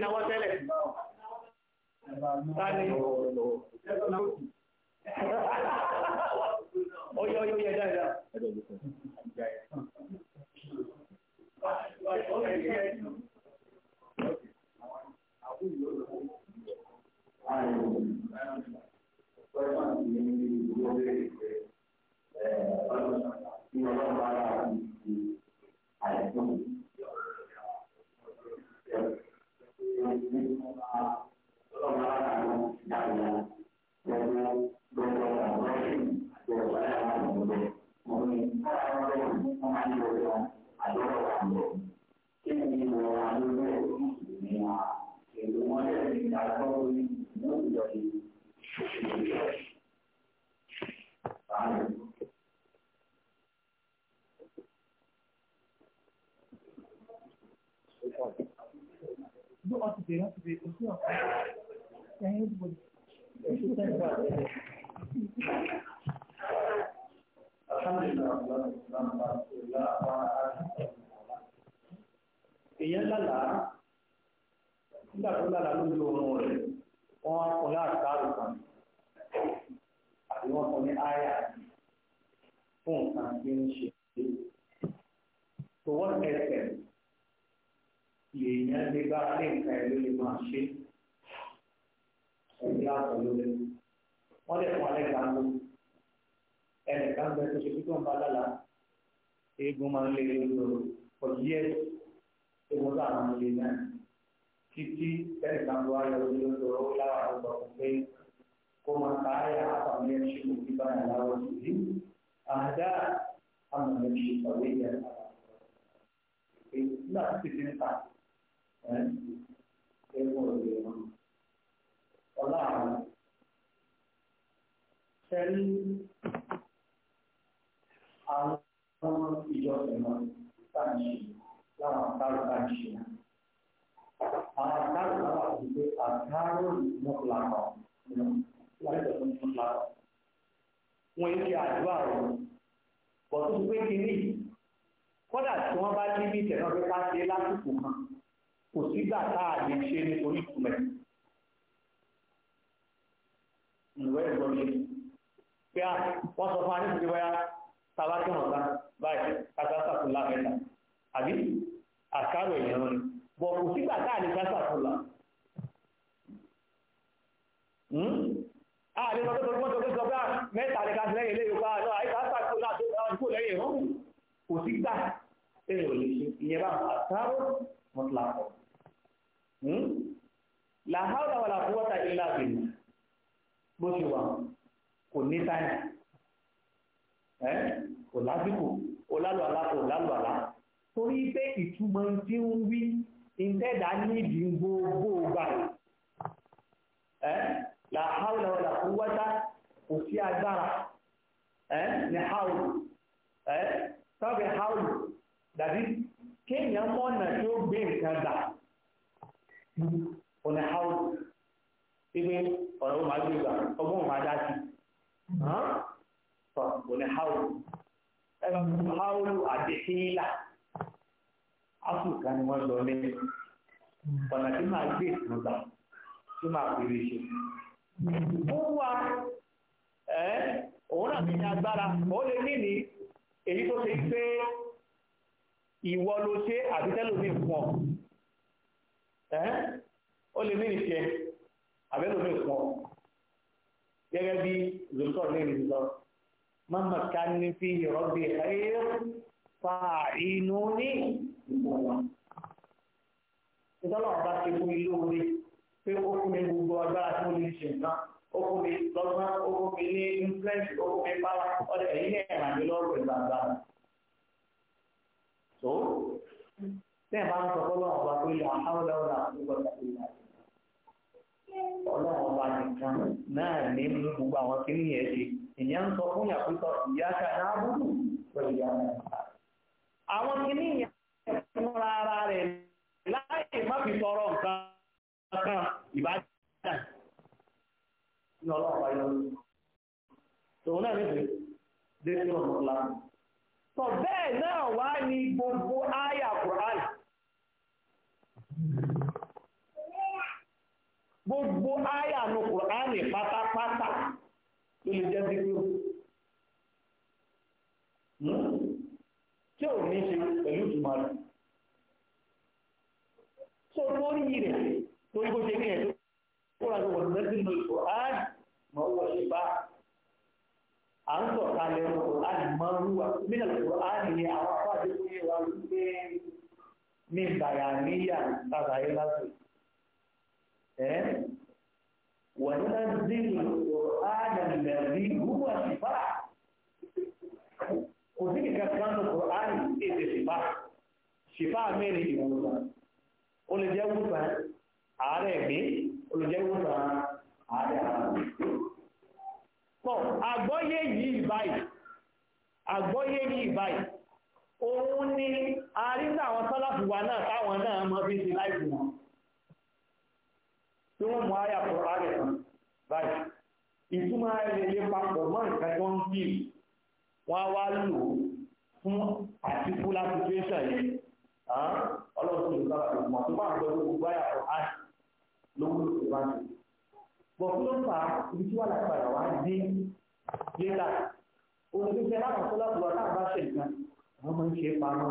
náwọ́ tẹ́lẹ̀ decisión. ìjọsìn náà sáàṣì láwọn àtàrò sáàṣì náà. Àwọn àtàrò náà wà pé àtàrò mọ́kùlàkọ̀ wọ́n yóò tún mọ́kùlàkọ̀. Wọ́n yóò ṣe àdúrà rẹ̀. Bọ̀dún pé kínní kódà tí wọ́n bá ní bí tẹ̀lé ọ̀fẹ́ ká ṣe lásìkò kan kò sígbà tàbá tí wọ́n bá báyìí kásásàkúlá mẹ́ta àbí àkàrò èèyàn rẹ̀ bọ̀ kò sígbà tá à lè kásásàkúlá ààrẹ ọjọ́ tó gbọ́n tó gbé sọgbà mẹ́ta lè kásí lẹ́yìn ilé yorùbá náà àyíká sàkúlá tó kó lẹ́yìn ìrọ́mù kò sígbà èrè lè ṣe ìyẹn bá àkàrò mọ́tòlápọ̀ hmm? làhàlà wàlà fúwọ́ta ìlà bìnnà bó ṣe wà kò ní táyà kò lásìkò kò lálùalá kò lálùalá torí pé ìtumọ̀ tí ń wí ìtẹ́dà níbi gbogbo gbà ẹ́ hau. ọ̀là kó wájá kò sí agbára ẹ́ ní haúlù ẹ́ tọ́bẹ̀ haúlù dàbí kéèyàn mọ́nà tí ó gbé nǹkan ọ̀nà ibi ọ̀rọ̀ máa gbé gbà ọgbọ́n máa kò ní haúlù ẹgbẹ́ haúlù àti hílà áfíríkà ni wọ́n lọ ní ọ̀nà tí máa gbé ìtúgbà tí máa pèrè ṣe ó wà ẹ́ òun náà ní agbára ó lè ní ní èyí tó ṣe pé ìwọ ló ṣe àti tẹ́lómi fún ọ ẹ́ ó lè ní ìṣe àbẹ́lómi fún gẹ́gẹ́ bí zoltan ní lọ mọ́mọ́ ká ní fi ìrọ́bì ẹ̀yẹ fa inú ní ìgbọ̀nà. ìtọ́lọ̀ ọba ti fún mi lóore pé ó fún mi gbogbo agbára tí mo lè ṣe nǹkan ó fún mi lọ́gbọ́n ó fún mi ní influence ó fún mi pàwọ́ ọ̀dẹ̀ èyí ní ẹ̀ràn mi lọ́rùn pẹ̀lú agbára. tó tẹ́ẹ̀ bá ń sọ fọ́lọ́ ọba pé làwọn àwọn ọ̀dà ọ̀dà àti ìgbọ̀nà ìlànà ọlọ́run ọba nìkan náà ní gbogbo àwọn kí ní ẹ̀ṣe ìyá ń sọ fún ìyàpútọ̀ ìyáka náà búrú pẹ̀lú ìyá àwọn kí ní ìyá fúnra ara rẹ̀ láì má fi sọ̀rọ̀ nǹkan kan ìbájá ní ọlọ́run ọba yọ tòun gbogbo àyà nu kùránì patapata ló lè jẹ́ dípò hmm? tí ò ní ṣe pẹ̀lú ìtumọ̀ rẹ̀ tó lórí rẹ̀ ní tó rà lẹ́sìn ní mọ́ ṣe bá ń ń mílẹ̀ ni àwọn ní níyà tàbí ayé lásìkò وننزل القرآن الذي هو شفاء kò sí kìkà kan ní Kùránì èdè ṣìfà ṣìfà mẹ́rin ìwòsàn ó lè jẹ́ wùsàn ààrẹ ẹ̀mí ó lè ààrẹ ààrẹ yìí báyìí yìí báyìí òun ni àwọn sálàfù wa náà táwọn náà bí láìpù tí wọ́n mú àyà kọ̀ ààrẹ kan báyìí ìtumọ̀ ayẹyẹ papọ̀ mọ́ nǹkan tó ń bí wọ́n á wá lò fún àtikúlá situation yìí ọlọ́run tó lè sábà tó mọ̀ tó bá ń gbọ́dọ̀ gbogbo àyà kọ̀ ààrẹ ló wúlò tó bá ń ṣe. bọ̀ kí ló ń fa ibi tí wọ́n láti padà wá dé dé ta olùdíje láwọn sọ́lá tó wà náà bá ṣe nǹkan àwọn máa ń ṣe pamọ́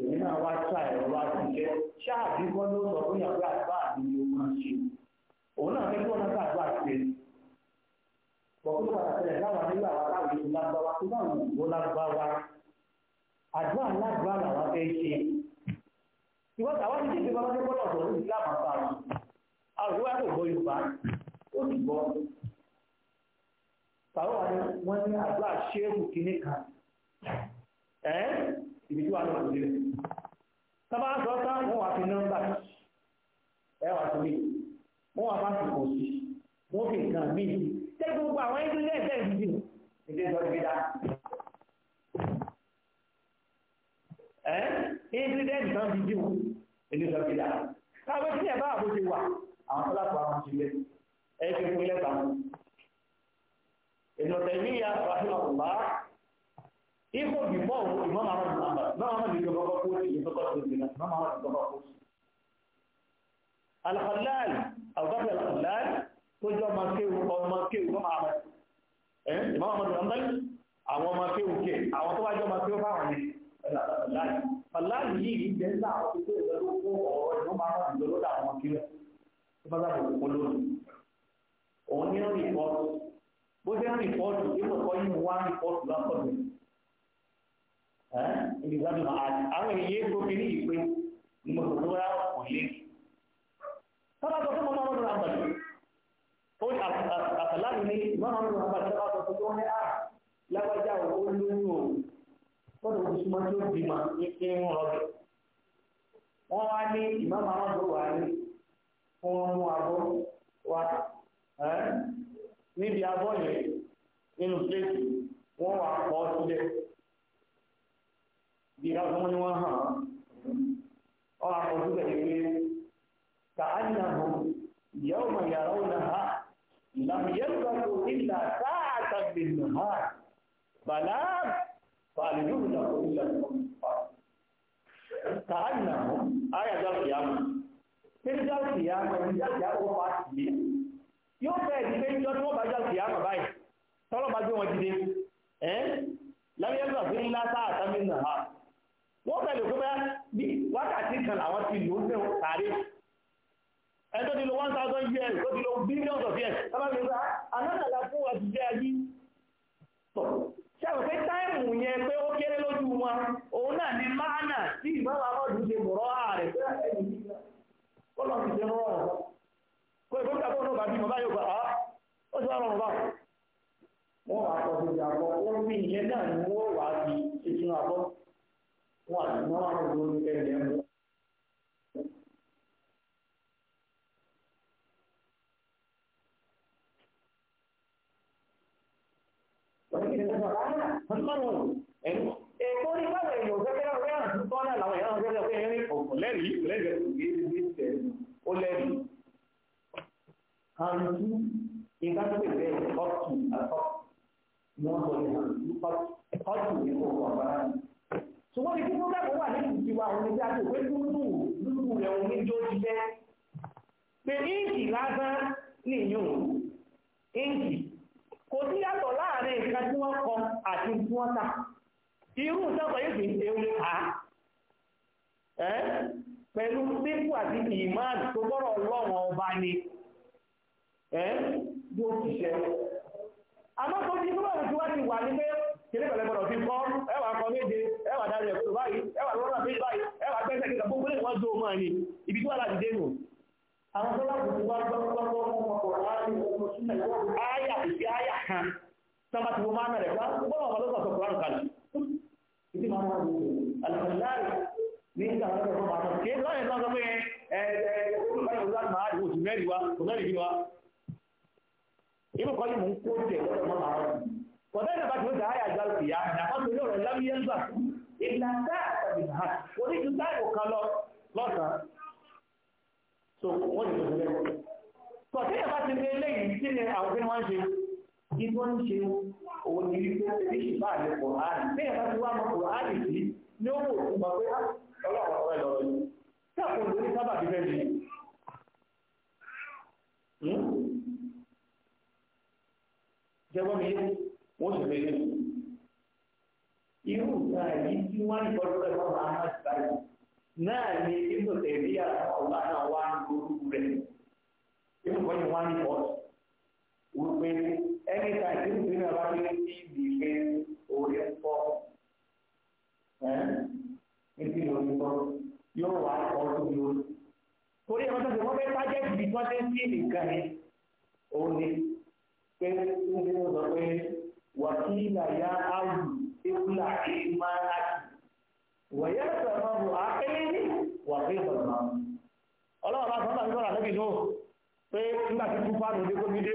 èmi náà wá ṣá ẹ̀rọ wá sí iṣẹ́ ṣáàbí kọ́ ló sọ fún ìyàwó àgbà mi ni ṣe òun náà fẹ́ kí wọ́n náà ṣe pọ̀kúrò àtẹ̀lẹ̀ láwọn lágbáwá tó bá wù lágbáwá àdúrà làwọn fẹ́ ṣe ìwọ́n tàwọn ti bọ́lá tó bọ́lá Yorùbá ó ibi tí wà ní òkú lélẹ̀ sábà sọ tá wọn wà fi nọ́mbà ẹ wà sí mi wọn wà bá fi kò sí wọn fi nǹkan mí tẹ gbogbo àwọn ẹgbẹ́ ilé ẹgbẹ́ ìdíje ìdíje ìjọba ìgbéda ẹ ingredient náà fi dìbò ìdíje ìjọba ìgbéda káwé tí ẹ bá Iko before Imam Ahmad bin Hanbal, Imam Ahmad bin Hanbal ko shi ne kawai da Imam Ahmad bin Hanbal ko shi. Al-Khallal, Abu Bakr al-Khallal ko jo ma ke ko ma ke ko Ahmad. Eh Imam Ahmad bin Hanbal àwọn ma ke ke, àwọn tó wá jo ma ke ko àwọn ni. Al-Khallal, Khallal yìí je za àwọn tó da ko o Imam Ahmad bin Hanbal da àwọn kire. Ko ba za ko lo. Òun ni ó rìpọ́tù. Bó ṣe ń rìpọ́tù, yóò kọ́ yín wá rìpọ́tù lásọ̀tún. ibi gbádùn àti àwọn èyí tó fi ní ìpé ní mo tó lọ́wọ́ kò lé sábà sọ fún mọ́mọ́ ọdún àbàlì ó o fọ́nà ojú súnmọ́ tí ìyá ọmọ ni wọ́n hàn ọ́ àpọ̀jù bẹ̀rẹ̀ pé ka'annahum yawma yarawnaha lam yalbathu illa sa'atan min nahar bàlá fàlùjù ìdàkọ̀ ìlà ka'annahum ayàjá kìyàmù tẹ́jọ́ kìyàmù ìjà kìyàmù wọ́n bá ti yóò bẹ̀rẹ̀ sí pé ìjọ tí wọ́n bá wọ́n a kó bẹ́ẹ̀ bí wákàtí kan làwọn ti lò ó fẹ́ tó ti lo one thousand years tó ti lo billions of years tábà mi gba anátàlá fún wa jẹ́ ayé tọ̀ ṣe àwọn pé táìmù yẹn pé ó kéré lójú wọn òun náà ní máànà tí ọdún ṣe bọ̀rọ̀ ààrẹ pé ẹni kó lọ sí ṣe rọrùn kó ìbò gbà á ó sì wá rọrùn bá wọn wà márùn lórí ọ̀tún àtọ̀ wọ́n sọ ní àrùn pàtó. kà irú ìtàkùn yóò fi ṣe ń kà á pẹ̀lú pípù àti ìmáàn tó gbọ́rọ̀ ọlọ́run ọba ni yóò fi ṣe àmọ́ tó ti fún àwọn ìwádìí wà ní pé kìlẹ̀ pẹ̀lẹ́ gbọ́dọ̀ fi kọ́ ẹwà kan méje ẹwà darí ẹ̀kọ́ báyìí ẹwà lọ́nà méjì báyìí ẹwà gbẹ́sẹ̀ kíkà gbogbo lè wọ́n dóò máa ní ibi tí wà láti dé nù àwọn tó láti wá gbọ́gbọ́gbọ́ ọmọkùnrin láti ọmọ sílẹ̀ wọ́n áyà ìfẹ́ áyà kan sama ti wo máa nà rẹ̀ wá gbọ́dọ̀ wà lọ́sọ̀ sọ̀kọ̀ àrùn kalẹ̀ títí máa máa wò alùpàdárì ní ìtàwọn ọ̀rọ̀ máa mọ̀ kí ẹ lọ́yẹ̀ náà sọ pé ẹ ẹ báyọ̀ lọ́dún máa rí oṣù mẹ́rin wa oṣù mẹ́rin bí wa irú kan yìí mò ń kó jẹ lọ́dọ̀ máa máa rẹ̀ kọ̀dá ìjọba tí ó dà áyà gbàlù kìyà àkọsí ilé ọ̀rọ̀ lábí yẹn gbà ìlà táà tàbí hàn oníjú wọ́n ti tó kí wọ́n ń ṣe òun ní wípé ẹbí ṣùgbọ́n àti kòránì bí ẹ̀ka ti wá mọ kòránì sí ní ó wò fún wa pé ah, ọlọ́run ọ̀rẹ́ lọ sí tí àpòlù ní sábà bí bẹ́ẹ̀ ni hmm? jẹ́wọ́ mi wọ́n sì fẹ́ yẹn irú ìgbà yìí tí wọ́n ń gbọ́dọ̀ rẹ̀ wọ́n máa ń báyìí náà ni ibùdó tẹ̀lé àwọn náà wá ń gbórúkú rẹ̀ ibùdó tẹ̀lé wọ́n ń pọ̀ wípé anytime tí ìgbé náà bá dé ní ìdílé orí ẹ̀kọ́ ní ti lórí kọ́ yóò wá ọ̀ tó bí o. torí ẹ̀rọ tó ti wọ́n fẹ́ tájẹ́tì bí wọ́n ti ń sí nìkan ni òun ni pé ń bí wọ́n sọ pé wàkílà yá áwù ewúlà èyí máa ń láti wọ̀nyẹ́ lọ́sọ̀ máa ń lò ákẹ́lẹ́ ní wàkílà ọ̀nà. ọlọ́run bá sọ́nà nígbà tó ń bá níbi náà pé nígbà tí túfà lòdì kó mi dé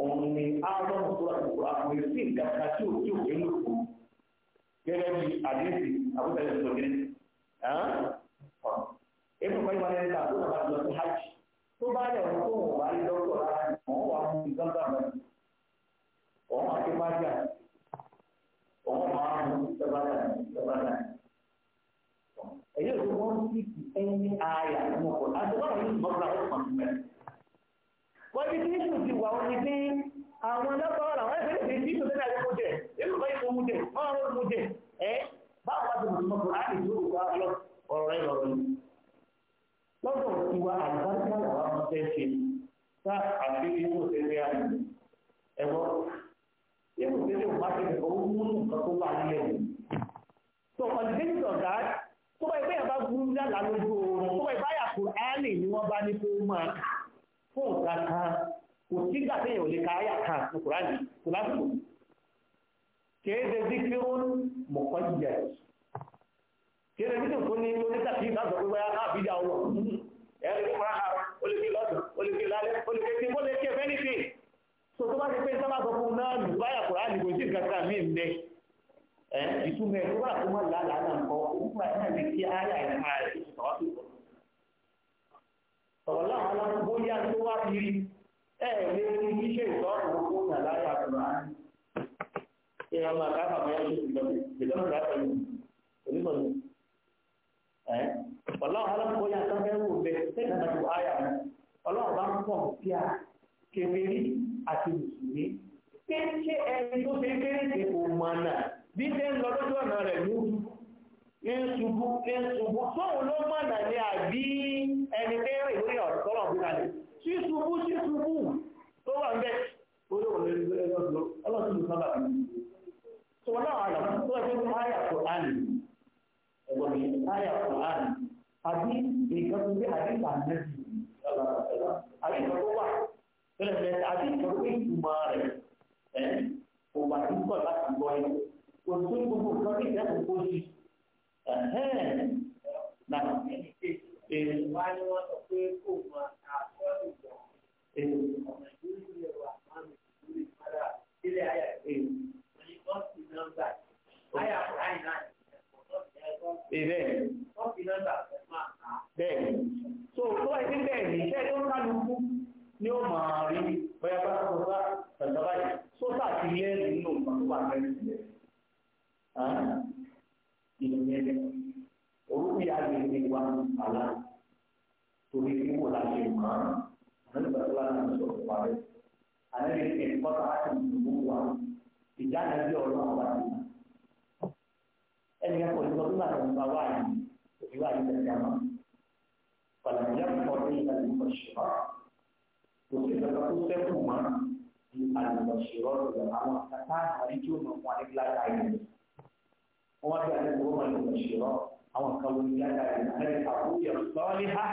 òun ni áwọn tó rà lùkọ́ àwọn èsì ìdáka tí ò tí ò gbé lòkù gẹ́gẹ́ bí àdéhùn àbúkẹ́lẹ̀ tó gẹ́ ẹ̀rọ pẹ̀lú wọn ẹ̀ka tó nàbà lọ sí hajj tó bá yẹ wọn tó wọn wà ní dọ́kítọ̀ lára wọn wà mú nǹkan bá wọn wọn àti májà wọn máa mú ìjọba náà ìjọba náà ẹ̀yẹ́ ìṣòwò wọn ti ẹni ààyà nínú ọkọ̀ àti wọn àwọn yóò mọ̀ ọ́ wọ́n ti tí ìṣù ti wà ó ní pé àwọn ọlọ́pàá làwọn ẹ̀fẹ́ lè fi ìṣù tẹ́lẹ̀ àgbẹ̀kọ́ jẹ èlò bá ìṣù jẹ wọ́n rọ́ ìṣù jẹ ẹ́ báwo bá ti mọ̀ kó láti ìṣù òkú àlọ́ ọ̀rọ̀ rẹ̀ lọ́rọ̀ yìí lọ́dọ̀ ìwà àlùbáríkà làwọn ọmọ fẹ́ ṣe sá àfi ìṣù tẹ́lẹ̀ àyè ẹ̀wọ́ ìṣù tẹ́lẹ̀ ò bá ti kẹ̀kọ́ ó mú nǹkan tó bá nílẹ̀ wò so on the basis of that tó bá ìgbéyàwó bá gún ní àlàlójú oorun tó bá ìbáyà kò fún ọ̀gá kan kò sí gbàtẹ́ èèyàn lè ka àyà kan ní kùránì kò lásìkò kéde díkírún mọ̀kọ́ yíyẹ kéde díkírún tó ní onítàkì ìdájọ́ pé báyá náà bídà ọlọ́ ẹ̀rí fún ara ó lè ké lọ́dún ó lè ké lálẹ́ ó lè ké tí ó lè ké fẹ́nìtì tó tó bá ti pé sábà sọ fún náà nù báyà kùránì kò sí kankan mí mẹ́ ìtumẹ̀ tó bá tó mọ̀ lálàá náà kọ́ ó fún àyà lè ọ̀la àwọn bóyá tó wá fi rí ẹ̀ lé ní iṣẹ́ ìtọ́rọ̀ gbogbo nàláyà àbùrán ìyá ọmọ àkáfà mọ́ ẹ̀ṣọ́ ìjọba ìjọba onímọ̀ ní ẹ̀ ọ̀la àwọn bóyá tó fẹ́ wò bẹ́ẹ̀ sẹ́yìn àti àyà ọlọ́run bá ń pọ̀ sí à kébérì àti mùsùlùmí pé ṣé ẹni tó ṣe ní ṣubú ní ṣubú tóun ló mọ̀nà ní àbí ẹni bẹ́ẹ̀rẹ̀ lórí ọ̀rọ̀ tọ́lọ̀ bí kalẹ̀ sí ṣubú sí ṣubú tó wà ń bẹ̀ olóòwò lórí ọlọ́sùn sábà bí tó náà àlọ́ tó ẹgbẹ́ mú àyà kùránì ẹ̀gbọ́n mi àyà kùránì àbí nǹkan tó bí àbí ìbànújẹ́ àbí nǹkan tó wà tẹ́lẹ̀ àbí nǹkan tó ìtumọ̀ rẹ̀ ẹ̀ kò wà ní kọ̀ láti gbọ́ ẹ̀ kò tún gbogbo nǹkan tó ìjẹ́ kò kó sí Náà, èèwọ̀ ni wọ́n sọ pé kò máa ta àtọ́jú àwọn kàtà àrí tí ó mọ̀ fún adégbèláta yìí wọ́n wá sí àdéhùn wọn lọ́wọ́ ṣèrọ́ àwọn kan wọ́n ní lágbàáyé àbúrò yẹn sọ́ọ́lì ha.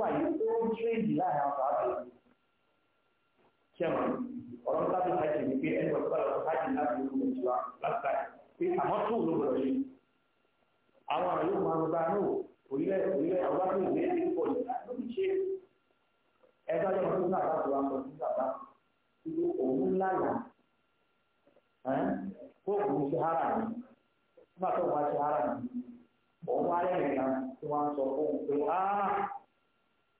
wà yìí ó ń tírèdì láàrin àwọn àbábẹ́ kẹwọn ọ̀rọ̀ hajj ní pé ẹni hajj láti láti pé àmọ́ tó ló ṣe àwọn àyè máa ń gba náà orílẹ̀ orílẹ̀ ìwé pọ̀ ṣe ẹgbẹ́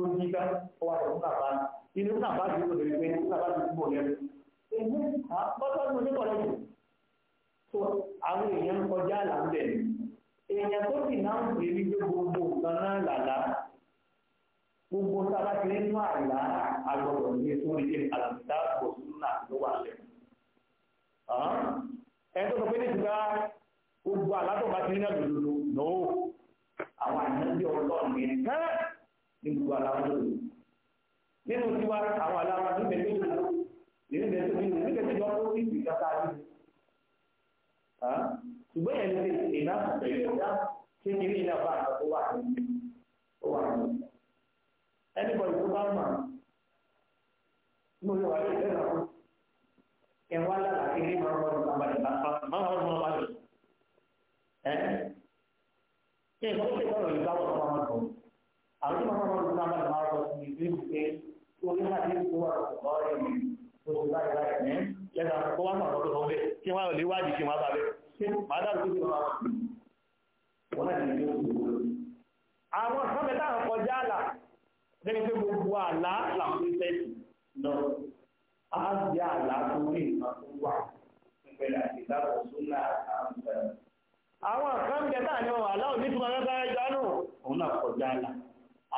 tó jí ká ó wà lọ́wọ́ bàbá inú bàbá ti kò lè gbé bàbá ti kú bọ̀ lẹ́nu. èmi bọ́tọ́ ní oníkọ̀ lẹ́yìn tó àwọn èèyàn ń kọjá àlà ń bẹ̀ èèyàn tó sì náà ń pè ní gbogbo nǹkan náà làlá gbogbo sábà ti nínú àlá àgbọ̀dọ̀ ní ètò orí àlàmìdá bòsúnà ló wà lẹ́nu. ẹ tó sọ pé ní ìtura gbogbo àlá tó bá ti nínú àdòdòdò náà àwọn àyànjẹ ọlọ́run yẹn ní gbogbo aláwájú rẹ̀ nínú tiwa àwọn aláwájú rẹ̀ ní ìlú nínú ìlú tó nínú nígbà tí wọ́n tó ní ìlú kata ayé ṣùgbọ́n yẹn ti ìlà pẹ̀lú ìdá ṣé kiri ìlà bá àtàkó wà ní ó wà ní ẹni bọ̀ ìlú bá mà mo yọ wáyé ìlú náà ẹ̀wọ́n alága kiri máa ń bọ̀ nípa balẹ̀ bá máa ń bọ̀ nípa balẹ̀ ẹ̀ ṣé ìfọwọ́sẹ̀ bọ̀rọ̀ ìgbà wọ̀ àwọn ìmọ̀ náà ló sábà máa sọ sí ìlú ìgbé orí àti ìlú wà lọ́wọ́ rẹ̀ ní oṣù láì láì ní lẹ́gbà kó wá sọ̀rọ̀ tó sọ́wọ́ kí wọ́n lè wádìí kí wọ́n bá bẹ́ẹ̀ ṣé màá dàrú sí wọn wọn láti ní oṣù lọ́wọ́. àwọn sábẹ́ táwọn kọjá àlà lẹ́ni pé gbogbo àlá làwọn ti sẹ́yìn lọ á di àlá tó ní ìmọ̀ tó wà nípìnlẹ̀ àti ìdáàbò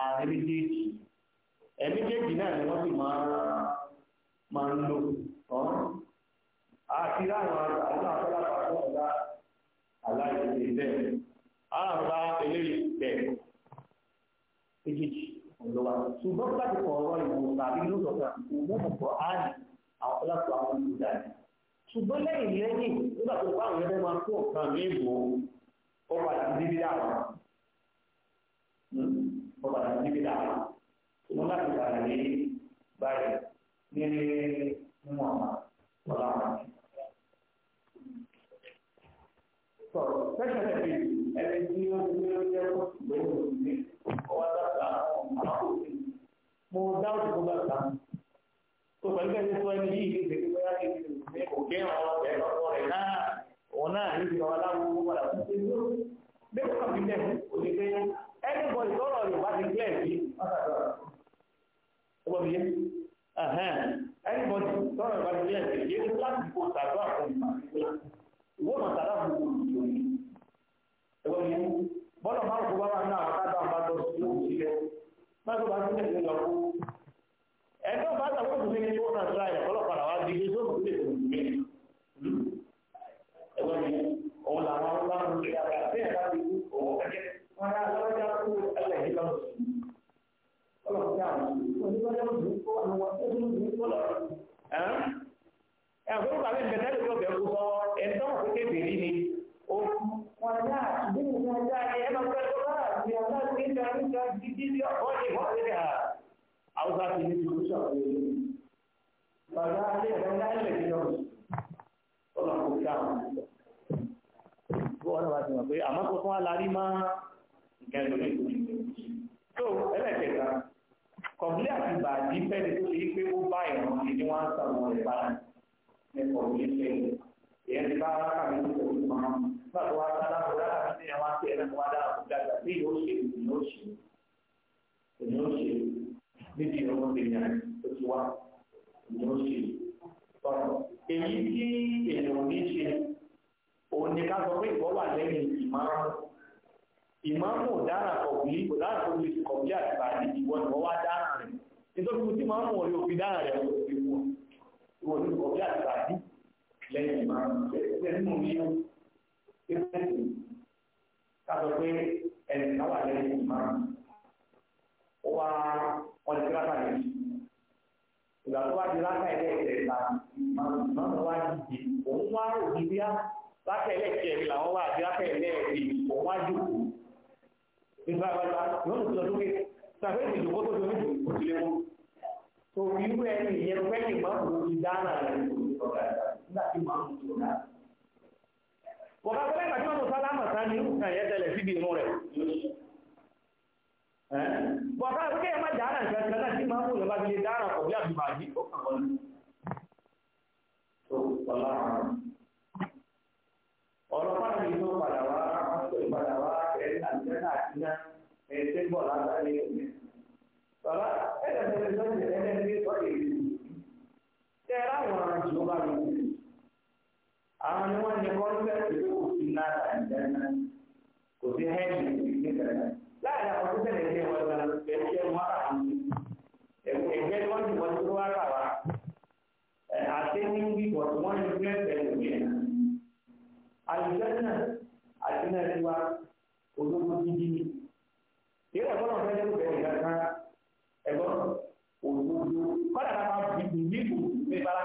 àárín méjèèjì ẹ̀mí méjèèjì náà ni wọ́n sì máa ń lò àti láwọn aláàbọ̀lápapọ̀ ọ̀gá aláìsí bẹ́ẹ̀ àbá eléyìí bẹ́ẹ̀ méjèèjì ọ̀lọ́wà ṣùgbọ́n láti kọ̀ ọ̀rọ̀ ìwòsàn àbí ló sọ̀tà òmùmùkọ̀ áàdì àwọn ọlọ́pàá àwọn olùdá ṣùgbọ́n lẹ́yìn lẹ́yìn nígbà tó bá ẹgbẹ́ máa kó ọ̀kan ní ìbò ọba àti bíbí dáhùn mo padà níbi dàgbà mo láti padà lé báyìí ní mímọ àmà ọlá àmà. sọ fẹsẹ̀ tẹ̀lé ẹni tí ó ti lé ọjọ́ lóhùn òní ọwọ́ dàgbà àwọn mo dáwọ́ tó bá ta tó pẹ̀lú ẹni tó ẹni yìí ní ìdílé bóyá kí ni kò gé àwọn ọ̀rẹ́ lọ́wọ́ rẹ̀ náà òun náà ní ìjọba láwùjọ padà tó ṣe lórí bẹ́ẹ̀ kọ́ kàbí lẹ́yìn. ti yé ẹ̀hẹ́n ẹnìbọ̀dì tọ́rọ̀ ìbádìí yẹn ti yé láti kó tàbí àkọ́mù nígbà nígbà gidi ní ọ̀pọ̀ ní wọ́n rí rà áwùsá ti ní ìlú ṣàkóso yìí bàbá alẹ́ ẹ̀rọ láìlẹ̀ ní ọ̀rọ̀ ọ̀nà kò ká àwọn ọ̀nà wàá ti mọ̀ pé àmọ́ kó fún alárí máa nǹkan ẹ̀rọ lẹ́kọ̀ọ́ tó ẹlẹ́kẹ̀ẹ́ta kọ̀bílì àti ìbàdí fẹ́ni tí ẹ wá sí ẹ lẹ́nu wá dára fún dáadáa bí yóò ṣe ní yóò ṣe ní yóò ṣe níbi ìrọ̀rùn ènìyàn tó ti wá ní yóò ṣe tọ̀nà. èyí tí èèyàn ní ṣe òun ni ká sọ pé ìwọ wà lẹ́yìn ìmọ̀ràn ìmọ̀ràn ò dára kọ̀bí kò dára tó lè kọ̀bí àtìgbà ní ìwọ ni wọ́n wá dára rẹ̀ nítorí mo ti máa òfin dára rẹ̀ ó ti wọ̀ ìwọ kọ̀bí àtìgbà kájọ pé ẹnì kan wà lẹ́yìn ó wá wọn ti rákà ìgbà tó wá di rákà lẹ́yìn wá dìde òun wá òbí bíá rákà làwọn àti rákà òun wá nígbà yóò lókè ìdìbò tó ìyẹn máa ń lò ní dáná rẹ̀ nígbà tí máa ń lò kọ̀ọ̀kan pẹ́lẹ́ ìgbà tí wọ́n tó sálámà sá ní irú kan síbi inú rẹ̀ bọ̀ọ̀kan pé kéèyàn má dára nǹkan kan máa ń wù lọ́ba dára kọ̀ bí àbíbàjí ó kàn wọ́n ọlọ́pàá mi tó padà wá àwọn ni wọ́n ní kọ́ńtẹ́ẹ̀tì tó kò sí náírà ìdáná kò sí hẹ́ẹ̀dì ìgbésẹ̀rẹ̀ láàrin àwọn tó tẹ̀lé ní ẹ̀wọ̀n ìgbàlá ẹ̀ṣẹ̀ wọn kà wọ́n sí ẹgbẹ́ ni wọ́n ti wọ́n tó wá kà wá àti ní bí wọ́n ti wọ́n ní fúlẹ̀fẹ̀ lòmìnira àlùjáná àti náà ti wá ológun dídí ni ìyẹn ẹ̀gbọ́n náà fẹ́ẹ́ ló bẹ̀rẹ̀ ìgbà kan ẹ̀gbọ́n òdodo kọ́dà náà máa bìbì nípò ní bára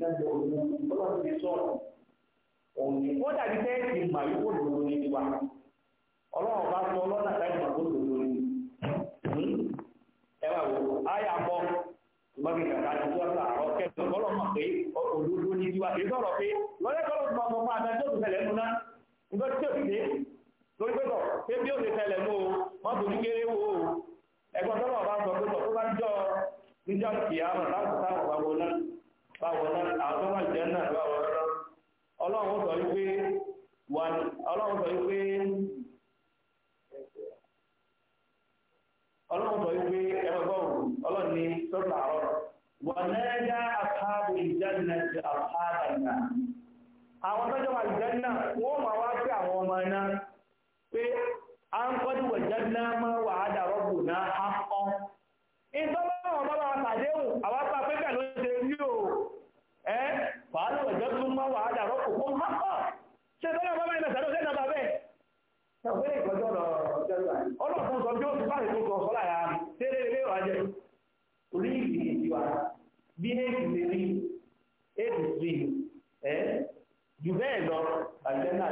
lẹ́gbẹ̀ẹ́ òun ọlọ́run dàbí pé ìmọ̀ yóò lòdò ní tiwa ọlọ́run bá tó ní wò áyà báwọn náà àwọn tó ọlọ́run sọ wípé ọlọ́run sọ wípé ọlọ́run sọ wípé ẹ̀rọ ọlọ́run ní sọ́tà àárọ̀ eh fàálù ẹ̀jọ́ tún máa wà pọ̀ ṣe tó sọ tẹ́lẹ̀ ilé wa jẹ orí ìdílé tiwa bí éèdì lè rí éèdì jù bẹ́ẹ̀ lọ àjẹ́ náà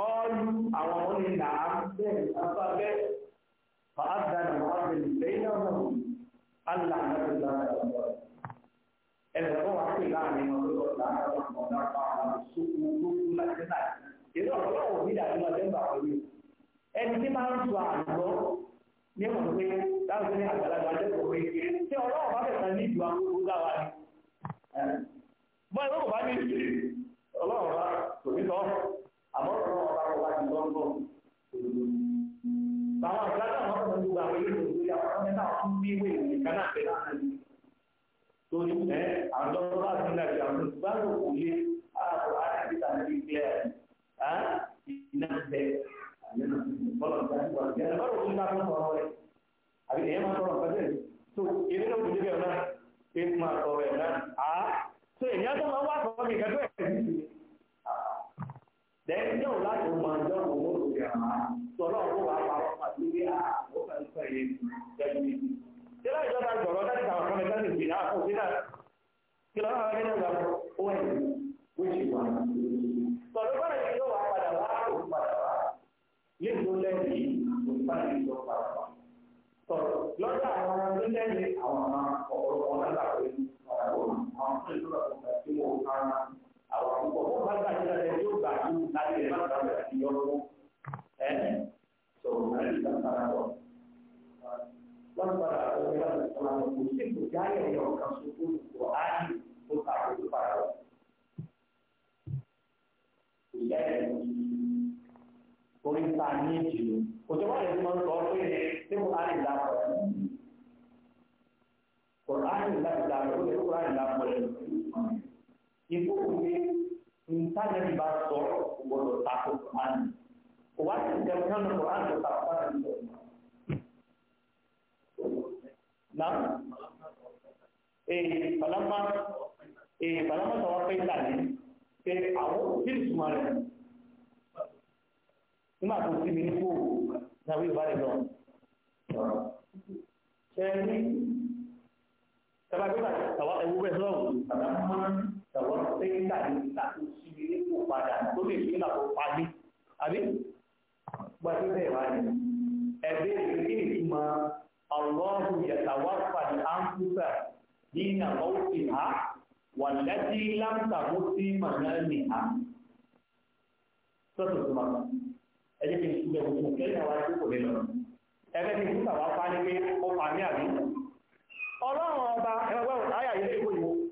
àwọn ọmọ bẹ́ẹ̀ ẹnì kan wà pè láàrin wọn tó lọ láàrin àwọn ọmọ náà pa àwọn àsopọ̀ tó kú láti náà èyí ọ̀rọ̀ náà wò ní ìdájọ́ náà lẹ́gbàá pẹ̀lú ẹni tí máa ń tu àgbọ̀ ní ọ̀rọ̀ pé láti ní àgbàlagbà lẹ́kọ̀ọ́ pé ṣé ọlọ́run bá bẹ̀rẹ̀ ní ìdù àwọn olùgbà wa ni bọ́ ẹ̀rọ kò bá ní ìdí ọlọ́run bá kò ní lọ àmọ́ ọlọ́run bá kò bá ti lọ́ bọ̀ bàwọn àgbàlagbà wọn kò ní gbogbo àwọn ilé ìwé àwọn ọmọ náà ń bí ìwé ìwé kan náà torí ẹ àwọn tó bá ti láti àwọn olùgbà ló kò yé ààbò àdàbíta ní ìpínlẹ̀ ẹ iná bẹ bọlọ nígbà tí wọn yẹn lọ́rọ̀ tó ń dáná sọ̀rọ̀ rẹ àbí ẹyẹ máa sọ̀rọ̀ nǹkan tẹ́lẹ̀ tó èmi náà kò débẹ̀ náà pé kó máa sọ̀rọ̀ ẹ náà á tó èmi á tó máa wá sọ̀rọ̀ mi kẹtọ ẹ Tẹ́lá ìjọba gbọ̀rọ̀ láti àwọn kan mẹ́ta lè gbìyà àpò sí náà. Kí lọ́nà àwọn ẹgbẹ́ náà gbà ó ẹ̀ wíṣì wà. Sọ̀rọ̀ bọ́ọ̀lù yìí yóò wá padà wá òun padà wá. Léèkó lẹ́yìn yìí, òun padà yìí lọ padà wá. Sọ̀rọ̀ lọ́dọ̀ àwọn ọmọ tó lẹ́yìn àwọn ọ̀rọ̀ ọ̀rọ̀ náà lápẹ́ padà wọ̀ àwọn tó lè lọ́dọ̀ kọ̀ọ̀kan tí wọ́n ká àwọn àkókò wọn bá gbà nílẹ̀ rẹ̀ yóò gbà tó láti rẹ̀ má wọ́n padà wọ́n yà wọ́n sọ̀rọ̀ àwọn kò sí kò já yẹ̀ yọ̀ kan ṣoṣo kò á yìí kó ta kó tó padà wọ̀. kò yẹ ẹ̀ orí ta ní ìjìnlẹ̀ kò tó wọ́n lè fi máa ń sọ ọ́ pé ṣé kò á lè ẹ̀ kò á lè ẹ̀ kò lè kó á lè dá pọ̀ ẹ̀ ìfọ̀ òwe ìtànẹ́bí bá sọ ọ́ gbọ́dọ̀ ta kó kò á lè kò náà kò á lè ta kó á lè نعم إيه فلما إيه فلما توفيت عليه إيه أو في السمارة ما تقولي مني فو نبي بارد لون شيء tẹ́lá gbé bàtà tàwa ẹ̀wú bẹ́ẹ̀ lọ́wọ́ àdámọ́ tàwa tẹ́yìn tàbí tàbí síbi nípò padà tó lè fi nàkó padì àbí gbàdúrà ẹ̀wá ni ẹ̀bí ìtumọ̀ الله يتوفى الأنفس حين موتها والتي لم تمت في منامها sọ́tò tó máa bá ẹjẹ́ kí n ṣubẹ̀ gbogbo kẹ́lẹ́ àwọn ẹgbẹ́ kò lè ẹgbẹ́ kí pa ọlọ́run ọba ẹgbẹ́ àyà yìí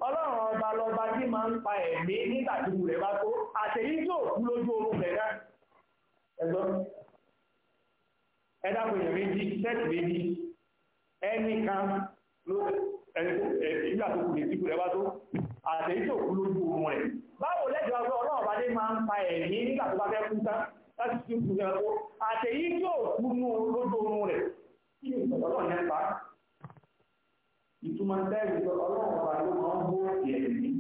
ọba lọba tí máa ń pa ẹ̀mí nígbà tí mo rẹ̀ bá tó àtẹ̀yí tí ò kú lójú oorun rẹ̀ náà ẹni kan ló ìgbà tó kù ní síkú rẹ̀ wá tó àtẹ̀yí tó kú lójú ohun rẹ̀ báwo lẹ́jọ́ ọgbẹ́ ọlọ́ọ̀bá dé máa ń pa ẹ̀mí nígbà tó bá fẹ́ kú tán láti fi kú rẹ̀ tó àtẹ̀yí tó kú nú lójú ohun rẹ̀ kí ni ìtọ́lọ́ yẹn pa ìtumọ̀ tẹ́lẹ̀ tó ọlọ́ọ̀bá ló máa ń bó ẹ̀mí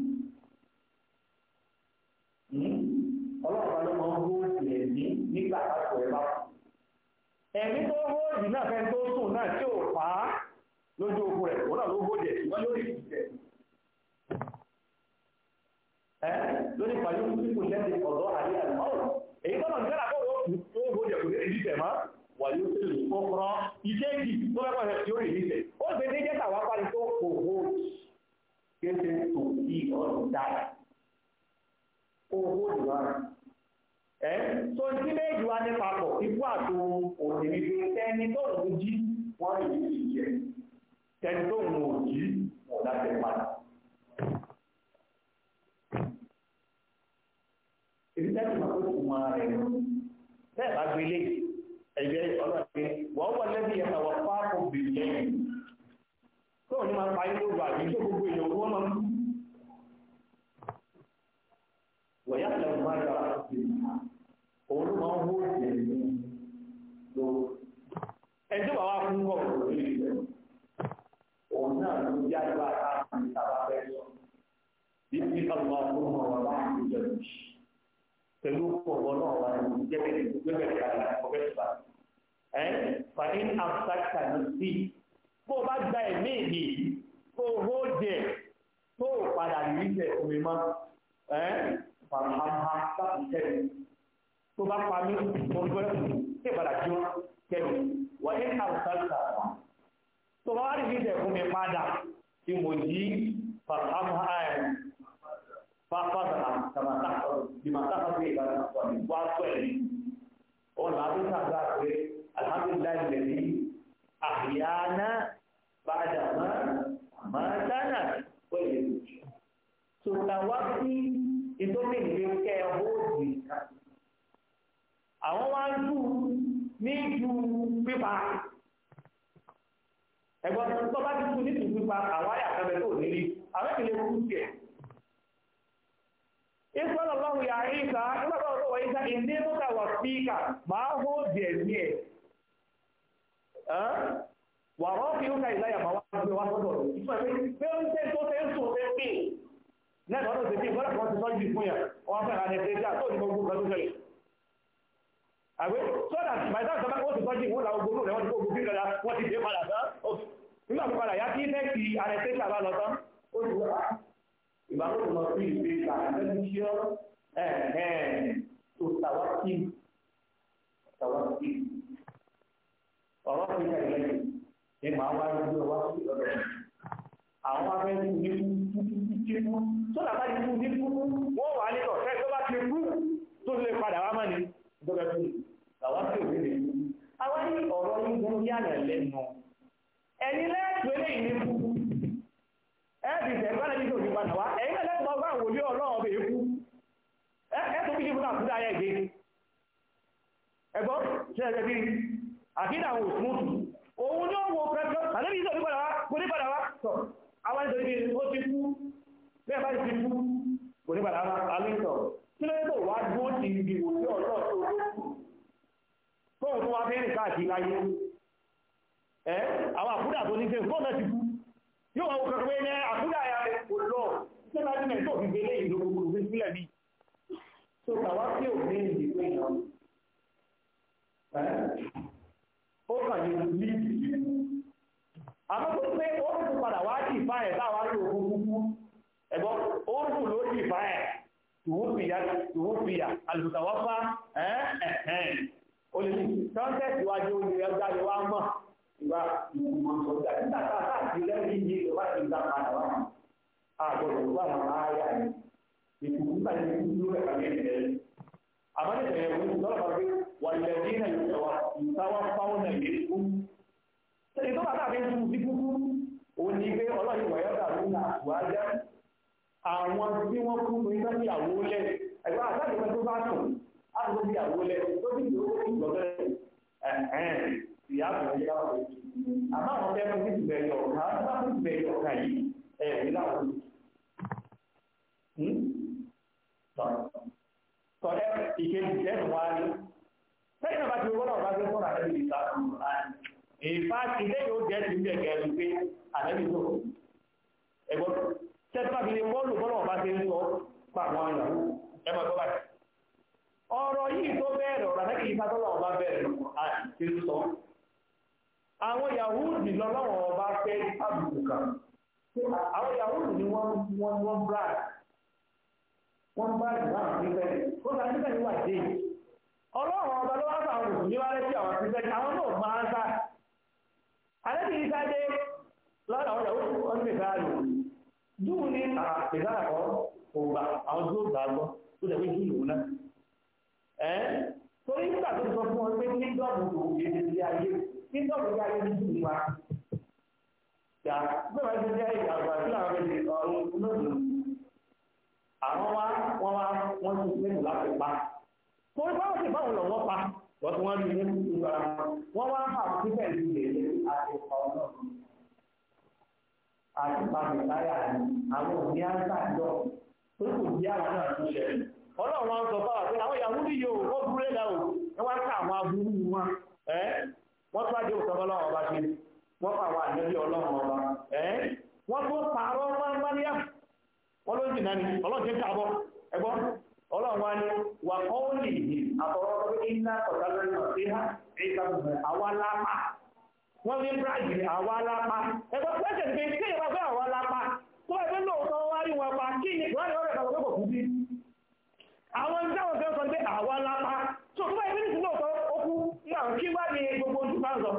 hmm? ọlọ́ọ̀bá ló máa ń bó ẹ̀mí nígbà tó rẹ̀ bá kú ẹ̀mí tó hóòdì náà tó sùn náà tí ò pa á lójú ogun rẹ̀ wọ́n náà ló hóòdì ẹ̀ wọ́n lórí ìfẹ́ ẹ lórí pàdé pípò lẹ́sẹ̀ ọ̀dọ́ àyè àlùmọ́ọ̀ èyí tọ́nà ní kẹ́lá kọ́rọ̀ ó hóòdì ẹ̀ kò ní ìdí wà yóò sì lè iṣẹ́ ìdí tó fẹ́ ẹ́ tó tí méjì wá ní papọ̀ ikú àtò òsì ní pé tẹni tó ń jí wọ́n lè yí jẹ tẹni tó ń wò jí wọ́n láti padà. èyí tẹ́tù máa tó kù máa rẹ̀ bẹ́ẹ̀ bá gbélé ẹ̀jẹ̀ ọlọ́ọ̀dẹ́ wọ́n wọ́n lẹ́bí ẹ̀ka wọ́n fáàkùn bìlẹ̀ tó ní máa parí lóru àbí tó gbogbo èèyàn wọ́n máa ń kú. wọ́n máa òun máa ń hó ìdẹ̀lú lọ ẹjọ́ bàbá fún kọ̀ lórí ìlẹ̀ òun náà ló jẹ́ àdúrà káàkiri sábà fẹ́ sọ bíbí ọlọ́wà fún ọ̀rọ̀ bá ń jẹ lùsì pẹ̀lú ọ̀rọ̀ náà wà ní jẹ́bẹ̀ gbẹ́bẹ̀ kàlà ọ̀bẹ̀ tó bá ẹ̀ fàín àfṣàkà ní sí bó bá gba ẹ̀mí ìdí tó hó jẹ tó padà nílẹ̀ omi mọ́ ẹ̀ fàmàmà sáà tó bá pa mí olùgbọ́lẹ̀ tí ìbàdà jí wọn kẹ́lù wà ní àwùsáàlùsà wọn tó bá wá rí ní ìdẹ̀kùn mi padà tí mo yí fàfàdà tàmátàkọ̀ọ́ ìbàdàn wà pẹ̀lú ọ̀nà àbúsàgbà pé alhamdulilayi lẹ́ni àhìyáná bàdà máa dáná pẹ̀lú ìtòtàwá sí ìtòmìnirí kẹ́ ọ́ bóòdì kan àwọn wá ń dù ní ju pípa ẹ̀gbọ́n tó bá ti kú ní ju pípa àwọn àyà kan bẹ tó nílí àwọn ìpìlẹ̀ kú tiẹ̀ ìsọ́nà lọ́wọ́ ya ìsá nígbàgbọ́ tó wọ ìsá ìdí mọ́ta wà fíkà máa hó díẹ̀ díẹ̀ wà rọ́ fi ó ka ìláyà máa wá gbé wá sọ́dọ̀ pé ó ń tẹ́ tó fẹ́ sùn fẹ́ pè lẹ́nu ọdún tètè ìgbọ́dọ̀ kan ti sọ́jú ìfún yà wọ́n fẹ́ ra ní ẹgbẹ́ jà tó ní gbogbo kan tó fẹ́ àwẹ́ sọ́dà bàtà sábà wọ́n ti tọ́jú ìwọ́n làwọn gbogbo rẹ̀ wọ́n ti gbogbo gbígbàdà wọ́n ti dé padà sá nígbà tó padà yá kí nẹ́ẹ̀kì ààrẹ tẹ́sí àbá lọ tán ó ti wá ìgbà tó lọ sí ìgbé ìgbà tó tàwátì tàwátì ọ̀rọ̀ ti ká ìlẹ́yìn ní màá wá lójú ọwá sí ọ̀rọ̀ àwọn abẹ́rẹ́ ní kúkú sọ́dà bá ti kú ní kúkú wọ́n wà nílọ̀ fẹ́ tó bá ti kú tó lè padà wá mọ́ ni ìjọba ti kú làwọn sì rí rẹ̀ àwọn ní ọ̀rọ̀ yín burú ní àná lẹ́nu ẹ̀yin lẹ́ẹ̀tù eléyìí ní kú ẹ̀ẹ́dì tẹ̀gbọ́n ẹ̀yìn tó ní padà wá ẹ̀yin lẹ́ẹ̀tù ọgbà wòlé ọlọ́run bèé kú ẹ̀ẹ́tù bí kíkú náà kú dáyà ìgbé ẹ̀gbọ́n ṣe ẹ̀ṣẹ̀ bí àkídà àwọn òsùnmùsù òun ló wo pẹ̀lú àlébí ìṣòfin padà wá kò ní padà wá sọ àwọn ìṣòfin bí ó ti kú bẹ́ẹ̀ bá ti kú kò ní padà wá alẹ́ sọ kí ló ń wá dúró ti ibi òfin ọlọ́run tó fóònù tó wá bẹ́rẹ̀ káàkiri láyé ẹ́ àwọn àkúdà tó ní fẹ́ fóònù náà ti kú yóò wọ́n kọ̀ọ̀kan pé ní àkúdà ya rẹ̀ kò lọ ṣé láti mẹ́ tó fi gbélé ìlú gbogbo òfin sílẹ̀ bí tó tàwa sí òfin ìdìbò ìyàn ó kàn ní ní àmọ́ tó pé ó rùn padà wá jì fa ẹ̀ táwa ní òkú kúkú ẹ̀gbọ́n ó rùn ló jì fa ẹ̀ tòun olùdí tọ́ńtẹ̀sì wájú olè ọjà lè wá mọ̀ ìgbà ìgbìmọ̀ ọjà nígbà tá a ti lẹ́rìí yìí ló bá ti gbà padà wá àgbọ̀dọ̀ wà láwọn ààyà ni ìkùkù nígbà tí ó ló rẹ̀ kàmí ẹ̀ àmọ́ ní ìṣẹ̀lẹ̀ ìwé ìtọ́lọ̀ kan pé wà ilẹ̀ ní ilẹ̀ ìṣẹ̀wà ìtawà fáwọn nàìjíríà kú ṣèyí tó bá tàbí ju sí kúkú òun ni pé ọlọ́yìn wọ̀nyọ́ tàbí àti bí àwọlẹ̀ tó bí yóò fi gbọ́dọ̀ ẹ̀hẹ́n ìyá àgbẹ̀ yá wọ̀ àmọ́ àwọn tẹ́ fún bíbí bẹ̀rẹ̀ ọ̀ka bá fún bíbí bẹ̀rẹ̀ ọ̀ka yìí ẹ̀ ní láwọn sọ̀rọ̀ ìkejì ẹ̀sùn wa ni sẹ́yìn náà bá ti wọ́n náà bá ti wọ́n náà lẹ́yìn ìta ìfá ilé yóò jẹ́ ti bí ẹ̀kẹ́ ẹ̀rù pé àlẹ́bí tó ẹ̀gbọ́n tẹ́tí bá fi lè wọ́n lò bọ́lọ̀ bá ti ń lọ pàwọn ìyàwó ẹ̀ máa gbọ́ báyìí ìgbàtọ́lọ̀ ọba bẹ̀rẹ̀ lọ́wọ́ àti sọ àwọn yahudi lọ́lọ́wọ́ ọba fẹ́ àbùkù kan àwọn yahudi ni wọ́n wọ́n wọ́n brad wọ́n bá ìgbàlá nífẹ̀ẹ́ ó sọ nífẹ̀ẹ́ ni wà dé ọlọ́run ọba ló wá fáwọn òkú ní wálé sí àwọn nífẹ̀ẹ́ àwọn náà máa ń sá àlẹ́bí sáde lọ́dọ̀ àwọn yahudi wọ́n ní ìfẹ́ àlù dùn ní àpèsàkọ́ ògbà àwọn tó gbà gbọ́ tó dẹ̀ torí nígbà tó sọ fún ọ pé kíndọ̀mù kò yéé sí ayé kíndọ̀mù kí ayé dúdú wa gbà gbọ́dọ̀ ti jẹ́ ìyàgbà tí àwọn ẹgbẹ́ ọ̀run lónìí àwọn wa wọn wa wọn ti lẹ́nu láti pa torí báwọn ti báwọn lọ́wọ́ pa wọ́n ti wọ́n rí ní kúkú ara wọn wá hà sí pẹ̀lú ìlẹ̀ àti ọ̀nà àti pàmì táyà àwọn òní àgbà jọ tó kù bí àwọn náà ti ṣẹlẹ̀ ọlọ́run wọn sọ báwà pé àwọn ìyàwó ní yóò wọ́n burú ẹ̀lá o ẹ wá ká àwọn aburú wọn ẹ́ wọ́n tó àjẹ́ òsàn ọlọ́run ọba ṣe wọ́n pa àwọn àjẹ́bí ọlọ́run ọba ẹ́ wọ́n tó pààrọ̀ mọ́nbáníyà wọ́n ló ń jìnnà ni ọlọ́run ti ń tàbọ̀ ẹgbọ́ ọlọ́run wa ni wà kọ́ ó lè yìí àtọ̀rọ̀ pé iná kọ̀ọ̀tà lórí ọ̀sẹ̀ wọ́n fi ń bíráàjì àwa lápá ẹgbẹ́ pẹ́sẹ̀ pé kéèyàn bá fẹ́ àwa lápá tó ẹgbẹ́ lóòótọ́ wá rí wọn pa kí ni wọ́n àwọn ẹni táwọn kan sọ pé àwa lápá tó tó báyìí mínísì náà sọ ó náà kí wá ní gbogbo ojú máa sọ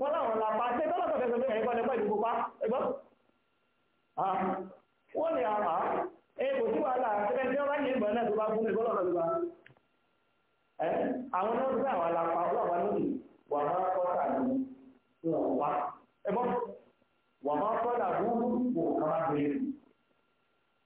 wọn láwọn lápá ṣe tọ́lọ̀ kan sọ pé ẹ̀yìn kan ìdìbò pa ẹ̀gbọ́n wọ́n ní àrà ẹ kò wàhálà ẹgbẹ́ tí wọ́n bá náà tó bá gún àwọn àwọn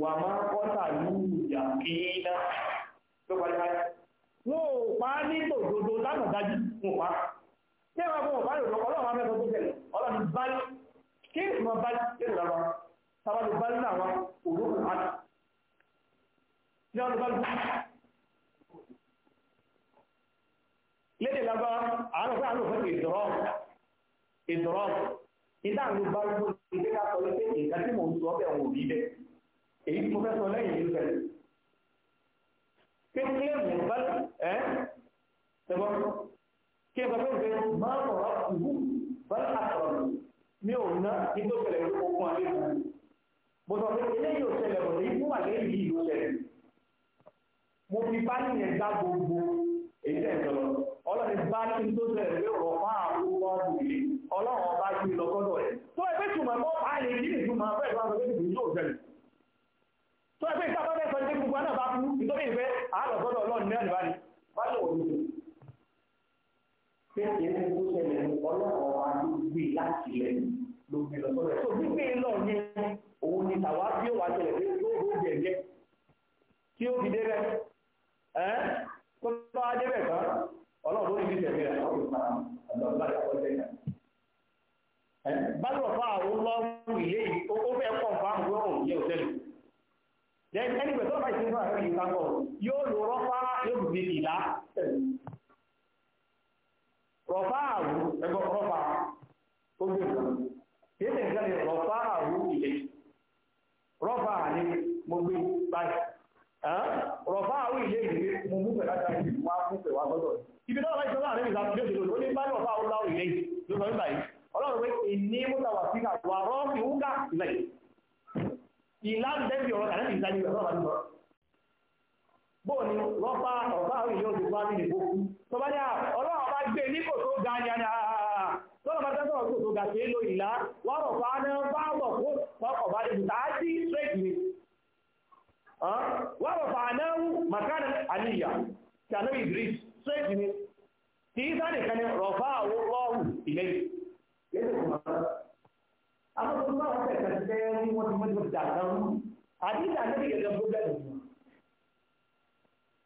wà máa kọ́tà lúù yàkínà ló parí parí wọn ò pa á ní tòdodo lánàá dájú wọn pa tí ẹ máa fún ọ̀pá ìròyìn ọlọ́run máa mẹ́kọ̀ọ́ tó tẹ̀lé ọlọ́run báyìí kí ni ìmọ̀ báyìí kí ni ìlànà sábà lè báyìí làwọn òrókùn àti ní ọdún báyìí lédè lábá àánú fún àánú èyí tí mo fẹ́ sọ lẹ́yìn ìlú tẹ̀lé kékeré mọ̀ bá ẹ́ tẹ̀bọ́ kí ẹ bá fẹ́ fẹ́ máa ń rọra kùú bá àtọ̀rọ̀ mi ò ná ní tó tẹ̀lé okun alẹ́ kù mo sọ pé eléyìí ò tẹ̀lé ọ̀rọ̀ yìí fún àlẹ́ yìí ló tẹ̀lé mo fi bá nìyẹn gbá gbogbo èyí tẹ̀ sọ̀rọ̀ ọlọ́run bá kí n tó tẹ̀lé pé ọ̀rọ̀ fún àwọn ọmọ ọ̀gbìn ọlọ́run ọba yìí lọ́kọ́dọ̀ rẹ̀ tó ẹgbẹ́ tùmọ̀ tó ẹgbẹ́ ìta bọ́lẹ̀ sọ ní gbogbo náà bá fún nítorí ìfẹ́ àálọ̀gọ́dọ̀ ọlọ́run náà nìbá ni bá lọ òun tó pé kí ẹni tó ṣẹlẹ̀ ní ọlọ́run ọba ló gbé láti ilẹ̀ ló gbé lọ sọ́dọ̀ tó gbígbé lọ ní òun ni tàwa bí ó wà ṣẹlẹ̀ pé tó ó jẹ jẹ tí ó fi débẹ̀ ẹ́ tó bá débẹ̀ tán ọlọ́run ló ní bí tẹ̀lé rẹ̀ ọ̀rọ̀ ìpàdà ọ̀dọ̀ bá lọ fà àwọn ọlọ́run òun yẹ òṣèlú Then anyway, so my children are very example. Yo lo yo bu bidi la. Rofa awu ego rofa o gbe la. Ke le ga le rofa awu ile. Rofa ni mo gbe báyìí. Eh? Rofa awu ile ile mo mu pe lata ni wa mu pe wa godo. Ibi tó láti sọ́dọ̀ àrẹ́bí ìsàkùn yóò ṣèlò ní báyìí ọ̀fà ọ̀la òyìnbó ló sọ nígbà yìí. Ọlọ́run pé ìní mú ta sí àwa rọ́ọ̀fì wúkà ìlẹ̀yìn ìlà ń bẹ́ẹ̀ bí ọ̀rọ̀ kàdé ti ìsáyé ọ̀rọ̀ àti ọ̀rọ̀ bó ni rọ́pá ọ̀pá àwọn ìlú òṣèlú àmì ìbò kú tó bá dé à ọlọ́run bá gbé e ní kò tó ga ni àná tọ́lọ́ bá tẹ́sọ̀ kò tó ga sí èlò ìlà wọ́n rọ̀ pa náà bá wọ̀ kó ọkọ̀ bá débù tá a sí straight ni wọ́n rọ̀ pa náà makana aliya tí a náà Idris straight ni tí sáà nìkan ni rọ̀fà àwọn ọlọ́run àwọn tó bá wọn tẹ̀sẹ̀ tẹ́ ní wọ́n ti mọ́tò dà kan mú àdídà níbi gẹ̀gẹ̀ bó bẹ̀rẹ̀ jù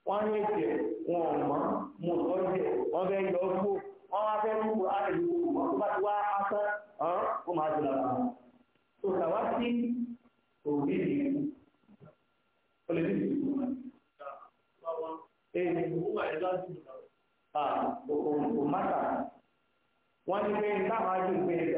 wọ́n ní ẹ̀jẹ̀ wọn ò mọ́ mo sọ jẹ wọ́n fẹ́ yọ kó wọ́n wá fẹ́ mú ààrẹ ìlú wọn tó bá ti wá asán hàn kó máa ti lára tó sàwá sí òbí mi ó lè ní ìlú ẹ̀ ẹ̀ kò má kà wọ́n ní pé táwọn ajé ìpínlẹ̀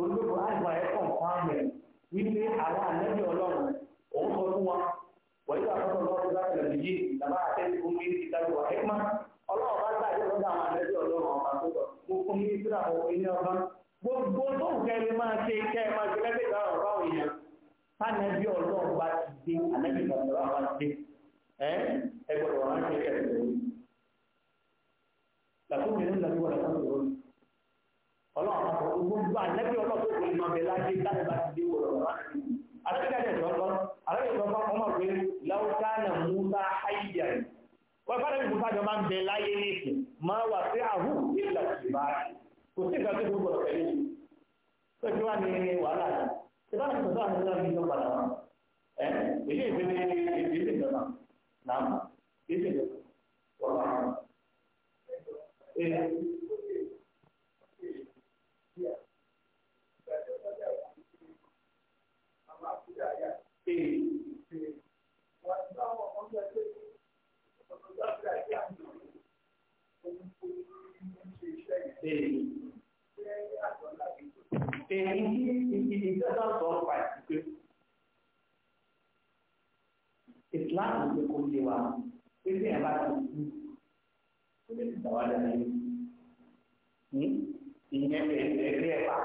olóògùn àgbà ẹ̀kọ́ nǹkan àgbẹ̀ wípé àwọn àlẹ́bí ọlọ́run òun sọ fún wa wọ́n yóò yìí ìjàmbá àtẹ́sí fún mi ti dájú wa ẹ̀kọ́ ọlọ́run bá ọba tó sọ fún mi ilé ọba gbogbo tó ń kẹ́ ẹ máa ṣe ẹ máa ṣe ìgbà ọ̀rọ̀ báwọn èèyàn ọlọ́run bá ti dé àlẹ́bí ọlọ́run àpò gbogbo àlẹ́bí ọlọ́run tó ìmọ̀ bẹ̀ láyé láti bá ti dé wò lọ́wọ́ àtẹ́kẹ́lẹ́ ìjọ́kọ́ àlẹ́yìnbọn ọmọ pé láwùká nà múta háìyà rẹ̀ wọ́n fẹ́rẹ̀ bí múta jọ máa ń bẹ láyé ní ìsìn máa wà sí àhú ìlà ìbá kò sí ìgbà tó gbogbo ọ̀rẹ́ yìí tó ti wá ní wàhálà yìí tí bá ti sọ̀tọ̀ àti sọ̀tọ̀ yìí ló padà wá ẹ̀ èyí ìfẹ́ ní ìdílé ìjọba náà ìdílé ìjọba wọ́n Èyí ìdí ti kò yé wa, pé bí ẹ̀bá ti kú, ó lè gbà wá dára yìí. Ìyẹn bẹ̀rẹ̀ ẹgbẹ́ ẹ̀fà.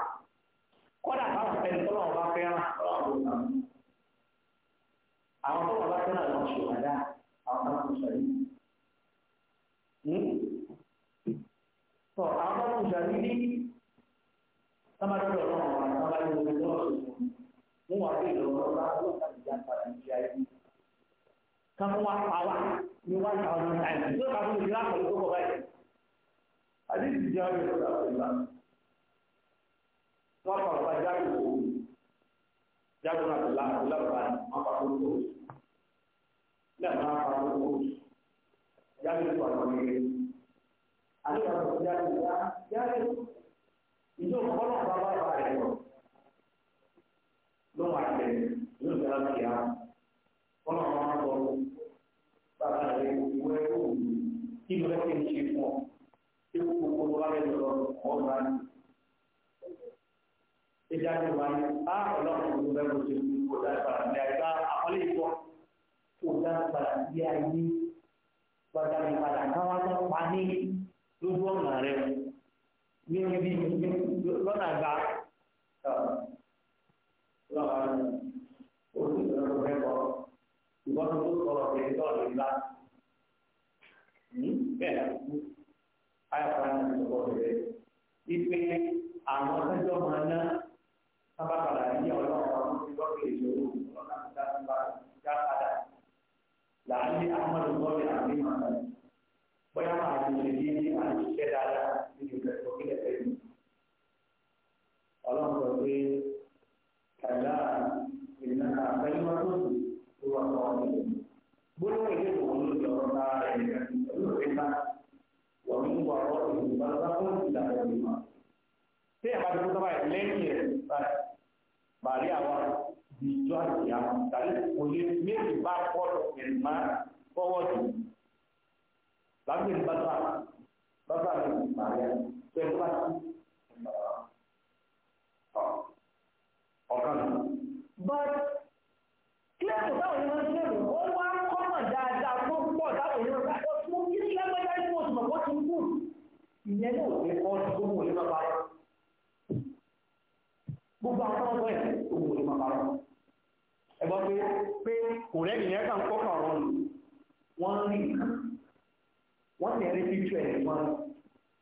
Kọ́dà báwọn ẹni tọ́lọ́wọ́ bá fẹ́ràn ọ̀rọ̀ náà àwọn tó wà bá fẹ́ràn àwọn ṣòwádà àwọn tó kù sọ̀rí. Hmm? tọ́ àwọn tó kù sọ̀rí ní sábàdúrà náà wà sábàdúrà omi tó wà sọ̀rọ̀ mú wà pé ìlọ́wọ́ bá ló ká ìjà padà ní ìjà yìí. kan wá àwa ni wá ìjà ọ̀nà ìjà yìí tó bá fún ìjà pẹ̀lú tó kọ̀ báyìí. àdéhùn ìjà rẹ̀ tó dà pẹ̀lú àná. wọ́n kọ̀ lẹ́ẹ̀ma àwọn owó jáde tó àwọn ilé àti àwọn jáde wá jáde ìjọ kọ́lọ̀ bá wà bá rẹ̀ lọ ló wà lẹ̀ ló ń tẹ́lá bìyà kọ́lọ̀ bá wà lọ bàbá rẹ̀ ìwé ẹ̀kọ́ òwú kí ló fẹ́ ń ṣe fún ọ kí ó kó kó wá rẹ̀ lọ ọ̀gbà rẹ̀ ìjáde wá ní á ọlọ́run ló bẹ́ẹ̀ kó ṣe kó dáa ìpàdé àìká àkọlé ìfọ́ kò dára padà sí ayé padà ní padà káwá tó pa ní lójú ọ̀nà rẹ ní ibi lọ́nà gba lọ́wọ́ oṣù tó lọ́wọ́ rẹ kọ́ ìwọ́n tó sọ̀rọ̀ pẹ̀lú tọ́lọ̀ ìgbà hmm? bẹ́ẹ̀ ayọ̀pá ní ìṣòro rẹ̀ ipe àwọn ọ̀sẹ̀jọ́ máa ná sábà padà ní ọlọ́run ọdún tí wọ́n fi èso òun lọ́nà ìdá padà لعلي أحمد الله العظيم مثلا ويما عن المسلمين عن الشهادة على وكيل العلم اللهم ربي كلا إنها كلمة هو قائل بلغ إليه قلوب يورنا العلم ومن ورائه برزخ إلى يوم القيامة. Saya akan beritahu lagi, baik. Bari awal ìjọ àyàwó tàbí kò lè méjì bá pọ̀lọ̀ pẹ̀lú máa fọwọ́ jù lábẹ́ bàbá bàbá mi kò bá pẹ̀lú bá ọ̀kan. but kílẹ̀ kò táwọn yẹn ń ṣẹ́gun ó wá kọ́mọ̀ dáadáa tó pọ̀ táwọn yẹn ń bá tó fún kí ní lágbájá ní mo sùn mọ̀ fún kù ìyẹn náà lè kọ́ ọdún tó wọlé bàbá yẹn. gbogbo àwọn ọmọ ẹ̀ tó wọlé bàbá yẹn ẹgbọ́ pé pé kò rẹ́ nìyẹn kàn kọ́kàn ọ̀rọ̀ nù wọ́n rí nǹkan wọ́n sì rí píṣọ ẹ̀ wọ́n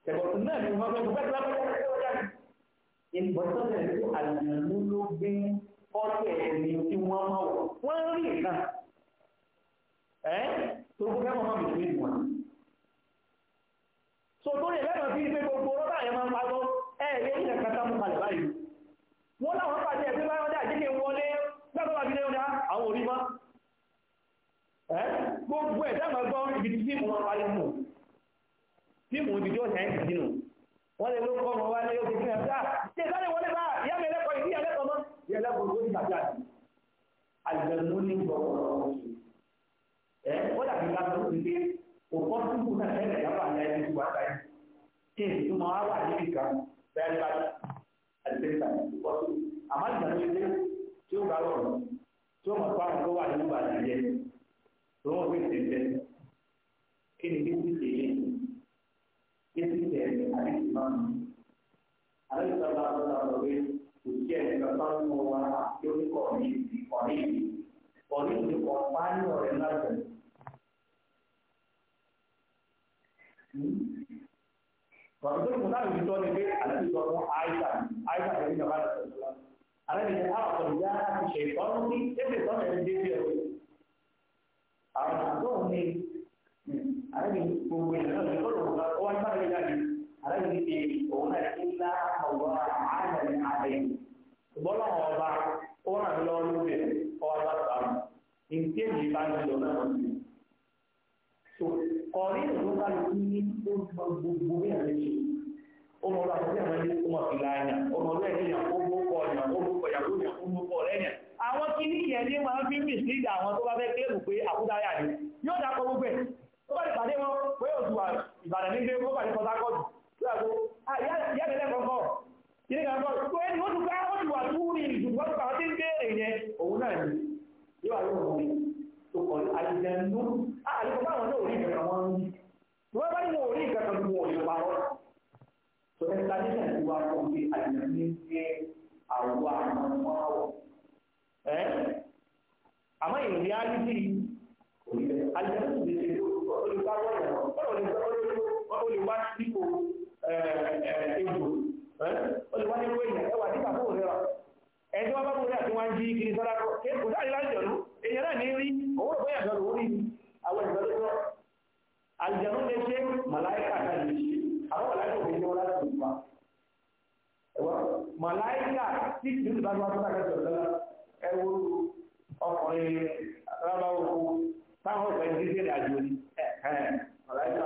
ẹ̀gbọ́ tó náà ní wọ́n fẹ́ gbẹ́ gbẹ́ ìgbọ́sọ̀rọ̀ ẹ̀ tó àlùmú ló gbé ọ̀tẹ̀ ẹni tí wọ́n máa wọ̀ wọ́n rí nǹkan ẹ̀ tó gbé mọ́ mi sí ìwọ̀n. so tó lè lẹ́nu sí pé gbogbo rọ́bà yẹn máa ń pàgọ́ ẹ̀ẹ́dẹ́gbẹ̀rún kàtà mú kalẹ̀ báyìí wọ́n láwọn pàdé ẹ̀ àwọn orí mọ́ gbogbo ẹ̀ dáàmà gbọ́ ibi tí mo máa parí mù tí mo ibi tí ó sẹ́yìn sínú wọ́n lè ló kọ́ mọ wá lé ó fi fún ẹ̀ sáà ṣe sáré wọlé bá ìyá mi ẹlẹ́kọ̀ọ́ ìdí ẹlẹ́kọ̀ọ́ mọ́ ìyá ẹlẹ́kọ̀ọ́ ló ti tàbí àti àjẹmú ní gbọ̀gbọ̀rọ̀ ẹ wọ́n dàbí lásán ti dé òkọ́ túbú náà ẹ̀rẹ̀ bẹ́ẹ̀ bá àti àmọ́ ìgbà tó ṣe tí ó gbà lọ́rùn tí wọ́n mọ̀ fáwọn tó wà nínú àdìyẹ tó wọ́n fi tẹ̀tẹ̀ kí ni bísí tẹ̀lé bísí tẹ̀lé àdìsí máa ń àdìsí bàbá àbúrò àbúrò pé kò sí ẹ̀ nípa fáwọn ọmọ wa yóò ní kọ̀ọ̀ní kọ̀ọ̀ní kọ̀ọ̀ní ní kọ̀ọ̀pánì ọ̀rẹ́ láti Wàtí hmm? tó kùnà ìjọ ni pé àdìsí sọ fún Aisha, Aisha kẹ́lí bàbá àti àrẹ́bìnrin àpọ̀ ìyá àtìṣe ìtọ́nú ní ẹgbẹ̀ tọ́nà ẹni dédé ọ̀rọ̀ àwọn àgbọ̀n ní àrẹ́bìnrin gbogbo ìlànà ìfọ́nà ọwọ́ nípa ìlànà ìlànà àrẹ́bìnrin ti òun náà ti ńlá ọ̀gbọ́n àmàlẹ̀ àbẹ̀yìn ṣùgbọ́n láwọn ọba ó ràn mí lọ́wọ́ lórí ẹ̀ ọwọ́ bá bá mi ní tí èmi bá ń lọ náà wọ́n ti kọ̀ọ̀rí ìlú kálukú ní gbogbo bí ọmọ ọlọ́ àti ẹ̀mọ́ ilé ọmọ ìlà ẹ̀yàn ọmọ ọlọ́ ẹ̀yàn ó mú pọ̀ ẹ̀yàn ó mú pọ̀ ẹ̀yàn ó mú pọ̀ ẹ̀yàn àwọn kí ní ìyẹn ní máa fi mìs ní ìdá àwọn tó bá fẹ́ kílẹ̀mù pé àkúdáyà ni yóò dákọ̀ gbogbo ẹ̀ tó bá lè pàdé wọn pé òtù Ìbàdàn nígbé ó pàdé Port Harcourt ah, kan kọ́ tó ẹni ó dùgbà ó dùwà túrì ìdùgbà tó kàwọ́ tí ń béèrè yẹn òun náà ni yóò wà yóò rí tó kọ̀ àìjẹ̀nú ah, àlùkò báwọn náà ò rí ìkẹ̀kẹ̀ wọn ń rí tó bá ní wọn so explanation ti wá fún mi àyẹ̀wò ní pé àwọ̀ àwọn ọmọ àwọ̀ ẹ́ àmọ́ ìrìn àyíjì àyẹ̀wò ti ṣe olùkọ́ olùkọ́ àwọn ọ̀rọ̀ olùkọ́ olùkọ́ olùkọ́ tí ìdílé bá wá sọ́dọ̀ àgbẹ̀sọ̀ lọ́la ẹ wo ọkùnrin rábà oko táwọn ọ̀fẹ́ ní sísè àjò ni màláìka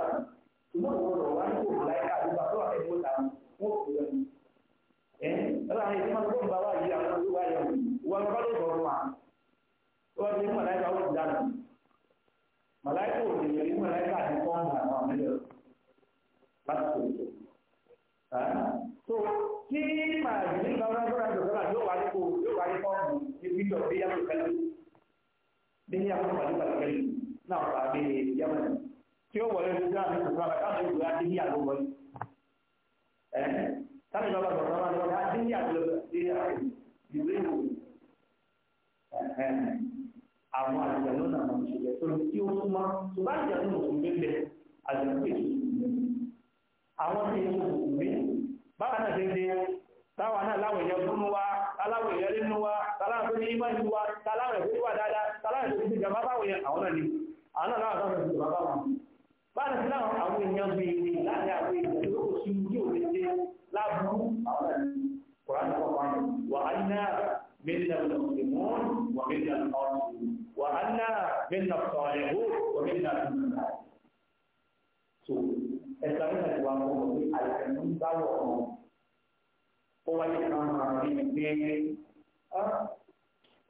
ṣùgbọ́n òun rọ̀ wá nípò màláìka àdúgbà tó wà ní ìmúta wọn kò lẹ́nu. ẹ ẹ láàrin ìdí máa ń gbọ́n bá wà yìí àwọn ọdún wáyà wọn bá lè sọ̀rọ̀ wa ó wá sí màláìka ó ti dànù màláìka ò lè rí màláìka àti kọ́ńtà àwọn ọmọdé rẹ ìmọ̀ ìlú wa tàlámẹ̀ tó wà dáadáa tàlámẹ̀ tó ti jàmbá báwọn yẹn àwọn náà ni àwọn náà láwọn sáfẹ́ ìjọba bá wọn báyìí sí láwọn àwọn èèyàn gbé ní láàrin àwọn èèyàn tó kò sí ní òde ṣe láburú àwọn náà ni kòrán náà wà wà á ní náà mẹ́ta mùsùlùmọ́n wà mẹ́ta ọ̀sùn wà á ní náà mẹ́ta sọ̀rẹ̀wò wà mẹ́ta so ẹ̀ka mẹ́ta ti wà fún mi àìsàn ń bá wọ̀ wáyé kan máa rí ní pé ah,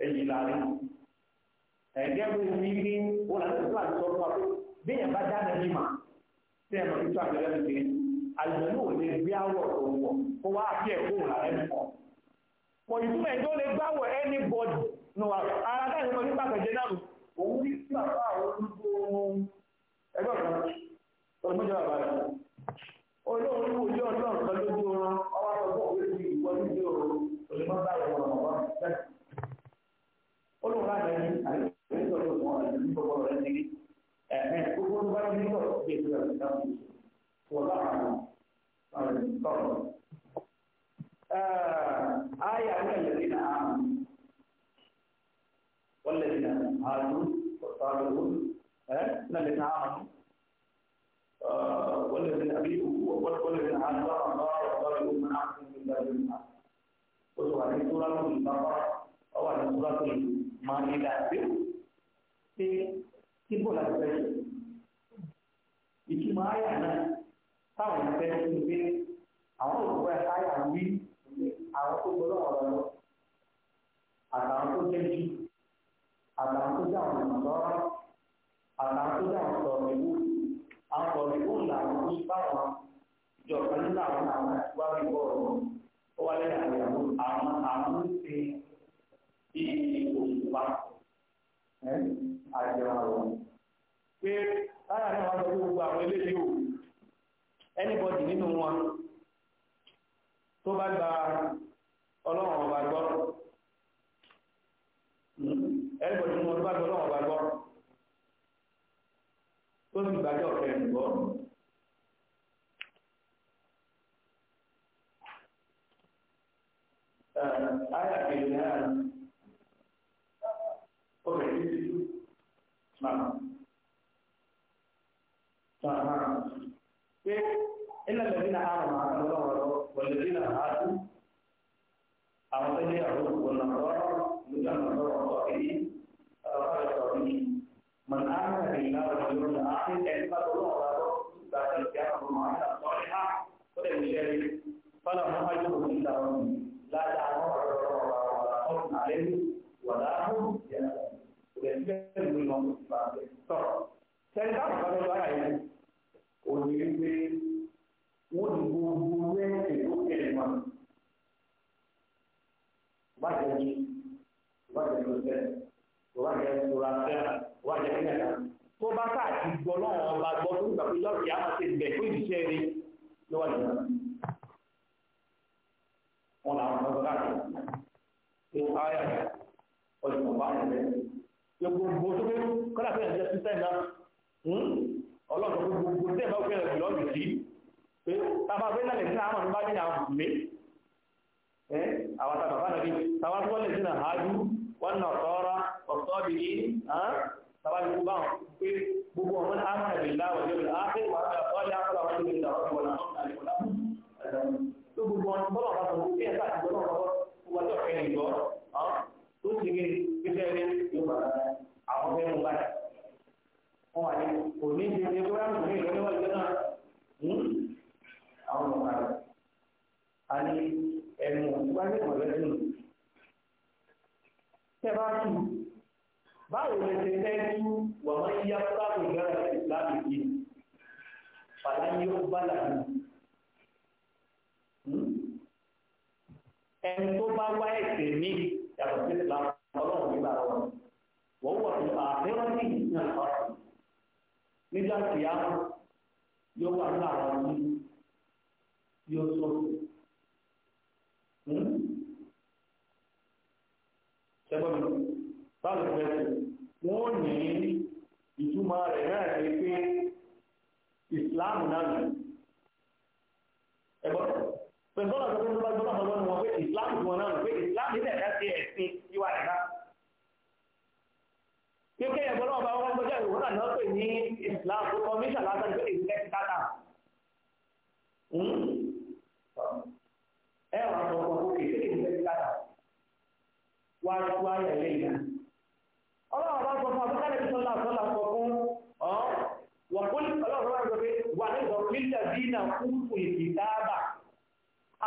èyí là rí ẹ̀gẹ́ bí mi ní ụlọ là ń pé bí èèyàn bá dáná ní mà tí ẹ̀ mọ̀ títí àgbẹ̀rẹ̀ mi kiri àlùmọ́nù ò gbé àwọ̀ tó wọ̀ kó wá àti ẹ̀kọ́ òun làrẹ́ mi kọ́ kò ẹ̀jọ́ lè ara náà ní náà òun ní sí àbá àwọn ẹgbẹ́ olùkọ́ àgbẹ̀ni àgbẹ̀ni sọ̀rọ̀ mọ́ àgbẹ̀ni gbogbo rẹ̀ nígbì ẹ̀ẹ́ gbogbo tó bá ní sọ̀rọ̀ bí èso rẹ̀ nígbà tó sọ wọ́n bá wà ní sọ̀rọ̀. ayé àwọn ẹ̀lẹ́dì náà wọ́n lè ní àlù sọ̀rọ̀ ẹ̀ náà lè náà wọ́n lè ní àbí wọ́n lè ní àlù sọ̀rọ̀ máa ní dàbí pé kí bó la fẹ́ ṣe. Ìtumọ̀ àyà náà táwọn ìfẹ́ ṣe pé àwọn òkú ẹ̀ àyà wí àwọn tó gbọ́dọ̀ ọ̀rọ̀ lọ àtàwọn tó jẹ́ jù àtàwọn tó jẹ́ àwọn ìmọ̀lọ́rọ̀ àtàwọn tó jẹ́ àwọn sọ̀rọ̀ ìwú àwọn sọ̀rọ̀ ìwú làwọn tó báwọn ìjọba nílò àwọn àwọn àti wá bí bọ́ọ̀rọ̀ ó wá àwọn àwọn àwọn ń ṣe bí òṣ pa àjẹmọ́ àwọn pé táyà náà wà lọ́wọ́ gbogbo àwọn eléyìí o anybody nínú wọn tó bá gba ọlọ́run ọba gbọ́ anybody nínú wọn tó bá gba ọlọ́run ọba gbọ́ tó sì gbàjọ́ ọ̀fẹ́ have been there. النهاية obìnrin ti dúró màmá màmá pé ilẹ̀ lẹ́yìn náà àwọn màmá lọ́wọ́ lọ́wọ́ wọlé bí náà á dún àwọn tó ní àwọn òkùnkùn náà lọ́wọ́ lójú àwọn lọ́wọ́ lọ́wọ́ èyí ọ̀rọ̀ bá yọ̀ sọ̀rọ̀ yìí màmá àwọn ènìyàn náà wọlé lọ́wọ́ náà á ní ẹni bá tó lọ́wọ́ lọ́wọ́ gbà tẹ̀lé tí a kò mọ̀ á ní àtọ́lé á ó lè ní ṣẹ́rí fọlọ́ mọ́ wájú òkú ìlà ọ̀run ládàá lẹ́sẹ̀ ló lọ sí ìgbà rẹ̀ tọ̀. sẹ́ni táwọn bá lọ́wọ́ ara yẹn ò ní wípé wọ́n ti gbogbo lẹ́sẹ̀ tó kéré mọ́. wájẹ́ ní wájẹ́ ló sẹ́ wájẹ́ ìṣura sẹ́ wájẹ́ nígbàdá. tó bá káàkiri gbọ́ lọ́wọ́ ọba gbọ́ tó gbà pé lọ́ọ̀kì á máa ṣe bẹ̀ fún ìdíṣẹ́ rí lọ́wọ́ ìjọba wọn làwọn ọmọ káàkiri. Ìwọ ayọ̀ ọ̀dùnkọ̀ bá ń bẹ̀rẹ̀ gbogbo tó pé kọ́lá fẹ́ ẹ̀jẹ̀ sísẹ́ náà hmm? ọlọ́run gbogbo tẹ́ bá fẹ́ ẹ̀jẹ̀ lọ́rùn sí pé tábà fẹ́ náà lẹ́sìn àwọn àmì bá ní àwọn mùsùlùmí ẹ́ àwọn àtàkà bá nàbí tábà tó lè sí náà hájú wọn náà tọ́ra ọ̀tọ́ bìí tábà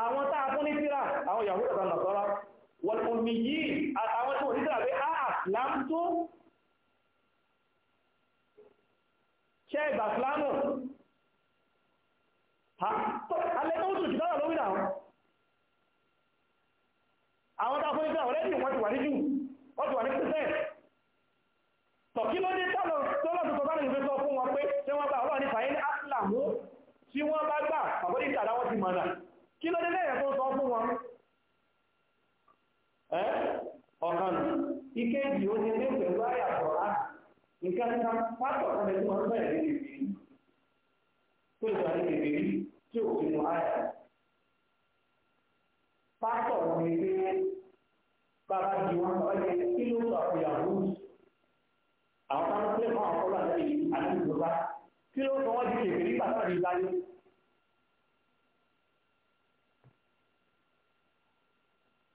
àwọn tá a fún ní tíra àwọn yahoo àti nàṣọ́rá wọ́n kò mí yí àtàwọn tó ní tíra pé a àfìlámtó ṣe ìgbà fìlámù alẹ́ tó tún jùlọ lórí náà àwọn tá a fún ní tíra wọ́n lẹ́yìn wọ́n ti wà ní jù wọ́n ti wà ní pẹ́sẹ̀ tọ̀kí ló dé tọ́lọ̀ tó bá nìyí sọ fún wọn pé tí wọ́n kí ló dé lẹ́yìn sọ fún wọn ẹ́ ọ̀kan ó pẹ̀lú àyàtọ̀ láti nǹkan ní pátọ̀ fún bẹ̀rẹ̀ ní tó ìgbà ní kèké tí ò fi mú àyà pátọ̀ ní pé bàbá wọn sọ kí ló sọ àwọn tó lè àwọn àti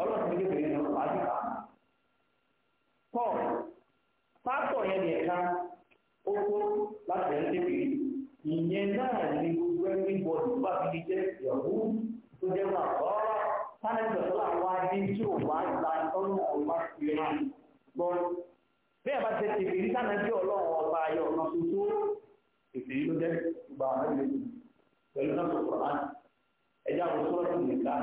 ọlọ́run ní kékeré ní ọ̀pá àdìgbà pọ̀ pátọ̀ yẹn ni ó kó láti ẹ̀ ń tẹ̀lé ìyẹn náà ni gbogbo ẹgbẹ́ ìbọ̀dù bá fi lè jẹ́ ìyàwó tó jẹ́ wà lọ́rọ̀ sáré ìgbàsọ́lá wa ní tí ò wá ìgbà ọlọ́run ọ̀pá ìgbà gbọ́ bí ẹ bá ti tètè rí sáà náà bí ọlọ́run ọba ayọ̀ ọ̀nà tuntun tètè rí ló jẹ́ ìgbà àwọn ẹgbẹ́ pẹ̀lú náà tó kọ̀ láti ẹjẹ́ àwọn sọ́ọ̀tù nìkan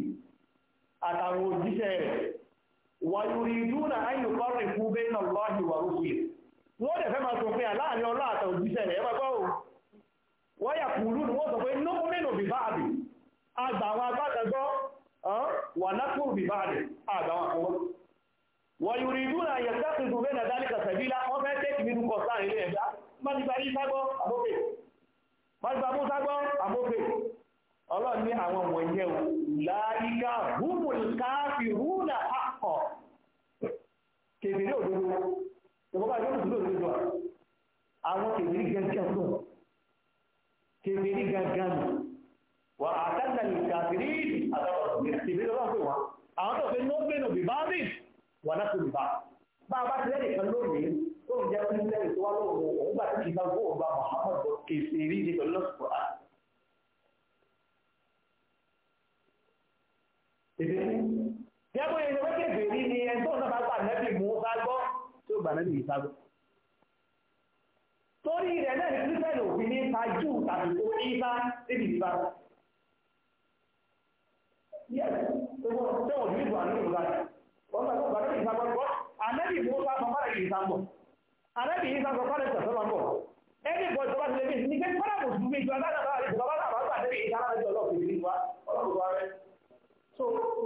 àtàwọn òjíṣẹ́ rẹ̀ wàyúrí dúnà ayùkọ́rì fún bẹ́ẹ̀nà lọ́hì wà rúkú yìí wọ́n dẹ̀ fẹ́ máa sọ pé àláàrin ọlá àtàwọn òjíṣẹ́ rẹ̀ ẹgbẹ́ gbọ́rù wọ́n yà kùlù ni wọ́n sọ pé nókúnmínú bìbá àbì àgbàwọn agbátẹgbọ́ wà nákùn bìbá àbì àgbàwọn àkọwọ́ wàyúrí dúnà ayẹ̀kọ́rì fún bẹ́ẹ̀nà ọlọ́run ní àwọn wọ̀nyẹ o láyíká húmùl káàfi húnà àkọ́ kèbèrè òdodo ìwọ́pá ìjọba ìdúró òdodo àwọn kèbèrè gẹ́gẹ́ tó kèbèrè gẹ́gẹ́ nù wà àtàlà lè kàbèrè kèbèrè lọ́wọ́ pé wá àwọn tó fẹ́ ní ó gbénu bìbá rí wà láti bìbá bá a bá ti lẹ́yìn kan lónìí tó ń jẹ́ pé ní lẹ́yìn tó wá lóhùn òun gbà tí kì í Jẹ́bú ìrìn wọ́n kéde rí ni ẹni tó ń sábà gbà nẹ́bì mú bá gbọ́ tí ó gbà nẹ́bì yìí ságbọ́. Torí rẹ̀ náà ní Kírísítẹ́nì òfin ní ta jù tàbí tó ìta níbi ìta. Tẹ́wọ̀n ní ìgbà ní ìgbà rẹ̀. Wọ́n gbà gbà nẹ́bì ìta gbọ́. Ànẹ́bì mú bá sọ fárẹ̀ yìí ságbọ̀. Ànẹ́bì yìí ságbọ̀ fárẹ̀ sọ̀tọ́ lọ́gbọ̀. Ẹni ìbọn ìjọba ti lè bí ní kẹ́kẹ́ fárẹ̀ mùsùlùmí ìjọba náà bá rí ìjọba náà bá gbà nẹ́bì ìta náà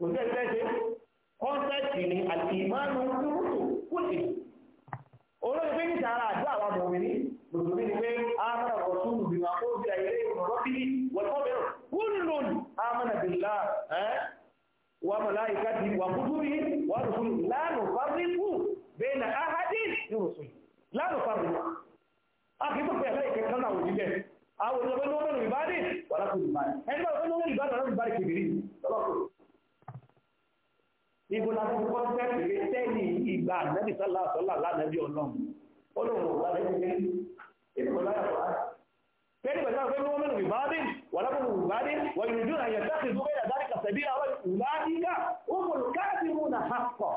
kò sí ni àti ìmánu kúrúkù kùtì olóyè pé níta àwọn ọmọ òmìnirí ni pé amọ̀nà rọ̀túnù bí wọn kó bí wọ̀tọ́bẹ̀rọ̀ kúlùn amọ̀nà bìlá wà mọ̀lá ìkàtì wà kúdúrí wà rùsùn lánàá fábíkù bẹ́ẹ̀ na ìbádìí ìbádìí níbo la fi kọ́ńtẹ́ẹ̀tì rẹ tẹ́lì ìgbà ànábì sálà sọ́là lánàbí ọlọ́run ó lóun ò lálẹ́ ní kẹ́lí èkó láyà wá. kẹ́lí pẹ̀lú àwọn ọmọ mẹ́rin ìbáàdì wà lábọ̀ ìbáàdì wà ìrìnjú àyè sáàkì tó bẹ́yà dárí kàṣẹ́bí àwọn ìlàdíkà ó mọ̀ káàdì mú nà ha pọ̀.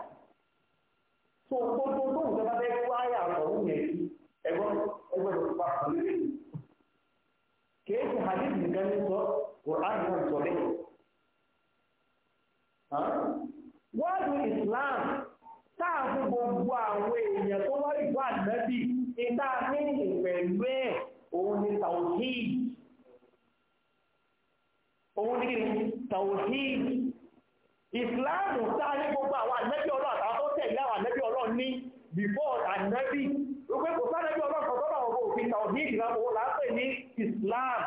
tó tó tó tó nǹkan bá fẹ́ wá yà ọ̀hún yẹn ẹgbọ́n ẹgbọ́n tó pa kàn lé kéèkì hadith nìkan ní sọ wọ́ọ̀dù Islam táà fún gbogbo àwọn èèyàn tó wọ́n ìlú ànábì ní táà ní ìpẹ̀lú ẹ̀ òun ni tawhid òun ni tawhid Islam táà ní gbogbo àwọn ànábì ọlọ́run àtàwọn tó tẹ̀lé àwọn ànábì ọlọ́run ní before ànábì ó pé kò sáré bí ọlọ́run kan tọ́lọ̀ ọ̀rọ̀ òfin tawhid ìlànà òun là ń pè ní Islam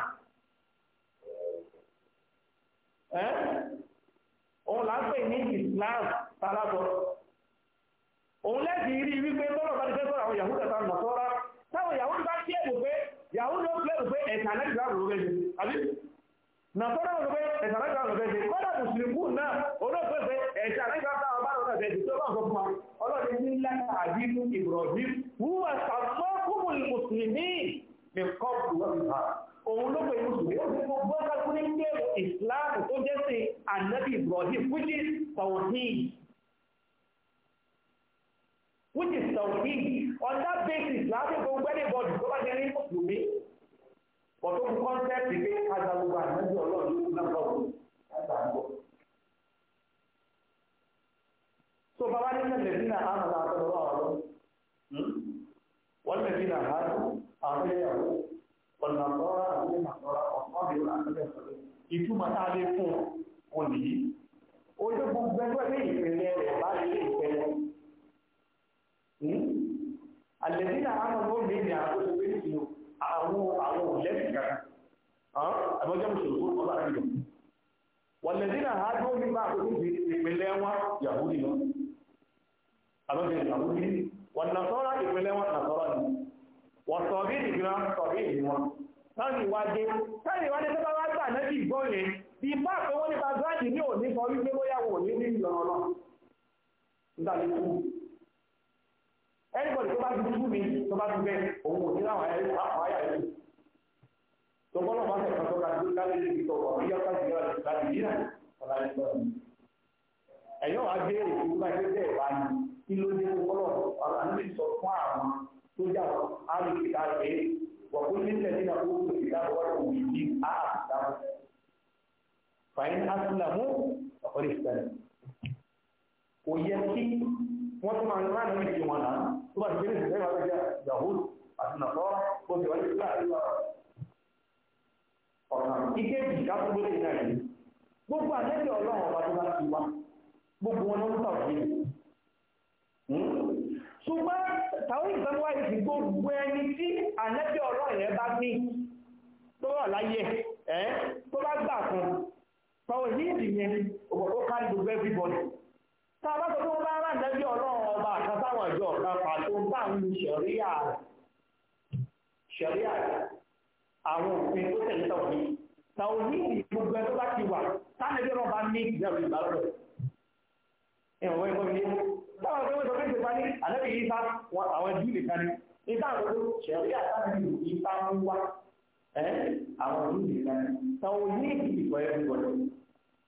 òun là ń pè ní Islam tààbọ̀ òun lẹ́sì rí wípé tọ́lọ̀ bá ti fẹ́ sọ́rọ̀ àwọn Yahoo tẹ̀sán nà sọ́ra táwọn Yahoo bá kí ẹ̀bù pé Yahoo ló pé òpé ẹ̀sà lẹ́gbẹ̀ẹ́ àrùn lóbẹ́ ṣe àbí nà sọ́ra òun pé ẹ̀sà lẹ́gbẹ̀ẹ́ àrùn lóbẹ́ ṣe kọ́lá mùsùlùmí náà olóògbé pé ẹ̀sà lẹ́gbẹ̀ẹ́ àrùn lóbẹ́ ṣe tó bá ń sọ fún wa ọlọ́run ní láti àdínú Ibrahim which is tawhid on that basis láti gbogbo anybody tó bá jẹ́ ní mùsùlùmí but ó concept pé kájà gbogbo àìmọ́jú ọlọ́run ló náà bọ̀ wọ́n kájà so bàbá ní sẹ́lẹ̀ bí náà hàn náà tọ́lọ́ wà lọ wọ́n lè bí náà hàn àwọn ẹ̀yàwó ọ̀nà àtọ́rà àti àtọ́rà ọ̀pọ̀ bí wọ́n àtọ́rà ìtumọ̀ tá a lè fún òní ojú gbogbo ẹgbẹ́ ìpínlẹ̀ rẹ̀ bá lè ìpínlẹ̀ àlẹ́bí hmm. náà àwọn ọmọ ní àwọn oṣù méjì àwọn àwọn òlẹ́bí kankan àbọ̀jọ́ náà dúró nípa àkókò ìpínlẹ̀ wọn yahoo wọn ìpínlẹ̀ wọn ni wọ́n sọ bí sọ bí tó bá wá gbà náà bí gbọ́ yẹn bí bá gbáàdì ní òní sọ wípé bóyá ní ní náà Anybody tó bá ti tú mi tó bá ti bẹ òun ò ní láwọn ayé àwọn ayé àyè. Tó gbọ́dọ̀ máa tẹ̀ kan tó ka tó lálẹ́ lè fi tọ̀ wà bíyá ká ìyá rẹ̀ láti yí náà ọ̀la ní lọ. Ẹ̀yọ́ wa gbé èkó bá ṣe bẹ́ẹ̀ wá ní kí ló dé tó gbọ́dọ̀ ọ̀la ní sọ fún àwọn tó jà alùpùpù rẹ̀ wà kó ní tẹ̀lé náà ó kò sí láwọ́ òwì ní àbùdá. Fàyín Asúlámù ọ̀pọ̀lọpọ̀ wọ́n tún máa ń rán ní ìdí wọn náà tó bá ti gbé nìyẹn lẹ́yìn wájú yahoo àti nàfọ́ bó ti wájú láàrin ọ̀kan ìkéjì káfíńgbó lè náà yìí gbogbo àlejò ọlọ́run ọba tó bá ti wá gbogbo wọn ló ń tàwọn yìí hmm? ṣùgbọ́n tàwọn ìgbàlúwà yìí ti gbogbo ẹni tí àlejò ọlọ́run yẹn bá ní tó wà láyé ẹ̀ tó bá gbà fún tàwọn yìí yẹn ó tàbá tó tó bá rà nẹ́bí ọlọ́run ọba àkàtàwọn ìjọ ọ̀kan pàtó ń bá ń lu ṣẹ̀ríà ṣẹ̀ríà àwọn òfin tó tẹ̀lé tàwọn yìí tàwọn yìí gbogbo ẹ̀ tó bá ti wà tánẹ́bí ọlọ́run bá ní ìgbẹ̀rù ìgbàlódé ẹ̀wọ̀n wọ́n ìgbọ́n ní táwọn ọ̀gbẹ́ wọ́n sọ pé ìjọba ní àlẹ́bí yìí sá àwọn ẹbí nìkan ni ní táwọn ọ̀gbẹ́ ṣẹ̀ríà tánẹ́bí yìí sá ń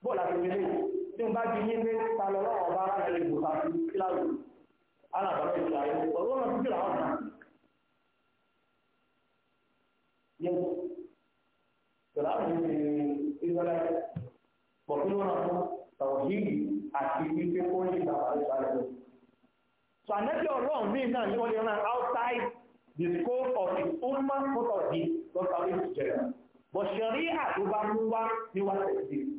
wá tí n bá di yín pé ta lọ lọ́wọ́ ọba ẹ̀rẹ́ ìbùkà fún kíláàbù alábàárọ̀ ìgbà yẹn ọ̀rọ̀ náà tún kíláàbù náà. yẹn kíláàbù ní ìrọ̀lẹ́ pọ̀kúlù náà fún tàwọ̀hìrì àti wípé kó ní ìgbàgbọ́ ìgbàlẹ̀ lọ. so ànẹ́bí ọlọ́run míì náà ni wọ́n lè rán outside the scope of the human protocol lọ́sàwé ìjẹ̀rẹ̀ bọ̀ṣẹ̀rí àtúbámúwá níwájú ìdílé.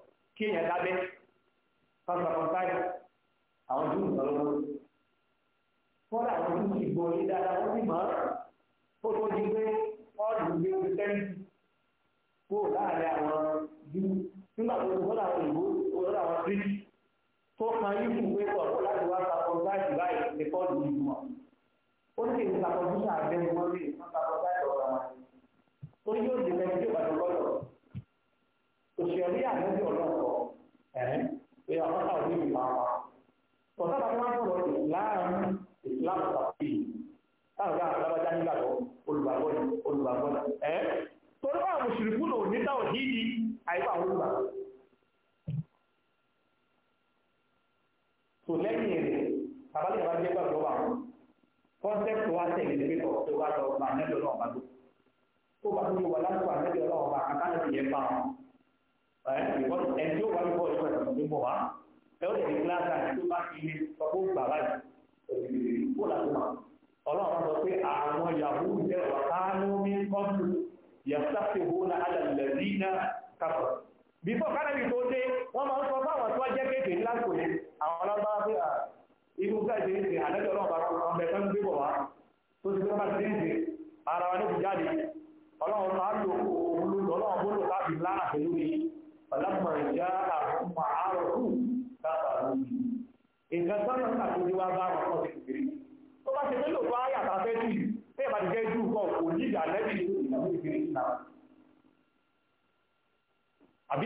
kéèyàn lábẹ́ fásitì àkọsáyà àwọn júù sọ̀rọ̀ kọ́dà àwọn júù ti gbọ́ yé dáadáa wọ́n sì máa ó tó di pé ọ́ọ̀dù gbé orí tẹ́ǹtì kó láàrin àwọn júù nígbà tó ti kọ́dà àwọn ìbò kọ́dà àwọn tíì tó kan yín fún pé kọ̀ láti wá sàkọsáyà báyìí ní kọ́ọ̀dù ìlú wọn ó ní kí n sàkọsáyà àbẹ̀wò wọn rí sàkọsáyà ọ̀rọ̀ wọn pé àwọn ọ̀sán òní ìlú àwọn ọ̀sán bá wọ́n sọ̀rọ̀ ìsìláàmù ìsìláàmù tàbí táwọn ọ̀gá àgbàbájá nígbàgbọ́ olùgbàgbọ́ ni olùgbàgbọ́ ni ẹ́ torí báwọn mùsùlùmí náà ní táwọn yíyí àyíká àwọn olùgbàgbọ́ tò lẹ́yìn rẹ̀ babalẹ̀ yàrá jẹ́ gbàgbọ́ wà wọ́n kọ́ńtẹ́pù wa tẹ̀lé ní pípọ̀ tó wá lọ ọba àmẹ́lẹ́ ọlọ́ọ̀bá tó bá tó wà lásìkò àmẹ́lẹ́ ọlọ́ọ̀bá àkàtà ẹni tí ó wà lóko ìwé ẹ̀rọ ní bọ̀ wá ẹ ó tẹ̀lé kíláàsì àti tó bá fi ní sọ́kó gbà báyìí kó là tó mà ọlọ́run sọ pé àwọn yahoo jẹ́ ọ̀tánú ní kọ́ńtù yàtàkìwò na alàlẹ́rí náà kàpọ̀ bífọ̀ kánàbì tó dé wọ́n máa ń sọ fáwọn tó jẹ́ kéèké lásìkò yẹn àwọn ọlọ́gbà pé à irú gáàjì ń sìn àlẹ́jọ́ ọlọ́run bàbá kan bẹ̀ fẹ́ẹ́ ń gbé bọ̀ wá tó ti fẹ́ ọlọ́pàá ìjà àwọn àárọ̀ kù dábàá lójú ìgbà sọ́nà àtúndì wa bá wọn kọ́sí kékeré tó bá ṣe pé lóòótọ́ ayé àtàfẹ́ jù tẹ́ ìbá ti jẹ́ jù kọ́ kò ní ìyá lẹ́bi ìyàwó kékeré náà àbí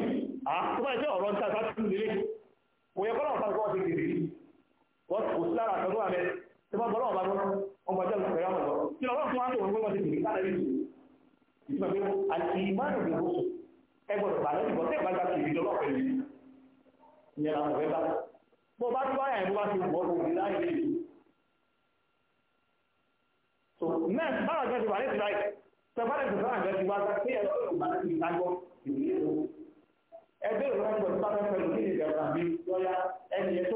àtúntò bá ṣe ọ̀rọ̀ níta sáà tún lélẹ̀ kò yẹ kọ́nà ọ̀sán kọ́sí kékeré wọ́n kò sí lára ẹ gbọ́dọ̀ bà lẹ́yìn bọ́tẹ́ ìgbàgbà kìí jọ lọ́pẹ́ yìí ìyẹn làwọn ọ̀rẹ́ bá bọ́ bá tí wáyà ìbúwá ti wọ́ lórí láì lè so nurse bára jẹ́ ti wà ní ìtura yìí sọfárà ti sọ́nà jẹ́ ti wá sí ẹ̀rọ ìgbà láti ìdájọ́ ìwé lò ẹgbẹ́ ìwé ẹgbẹ́ tó bá fẹ́ pẹ̀lú kí ìjọba mi lọ́yà ẹni ẹ tó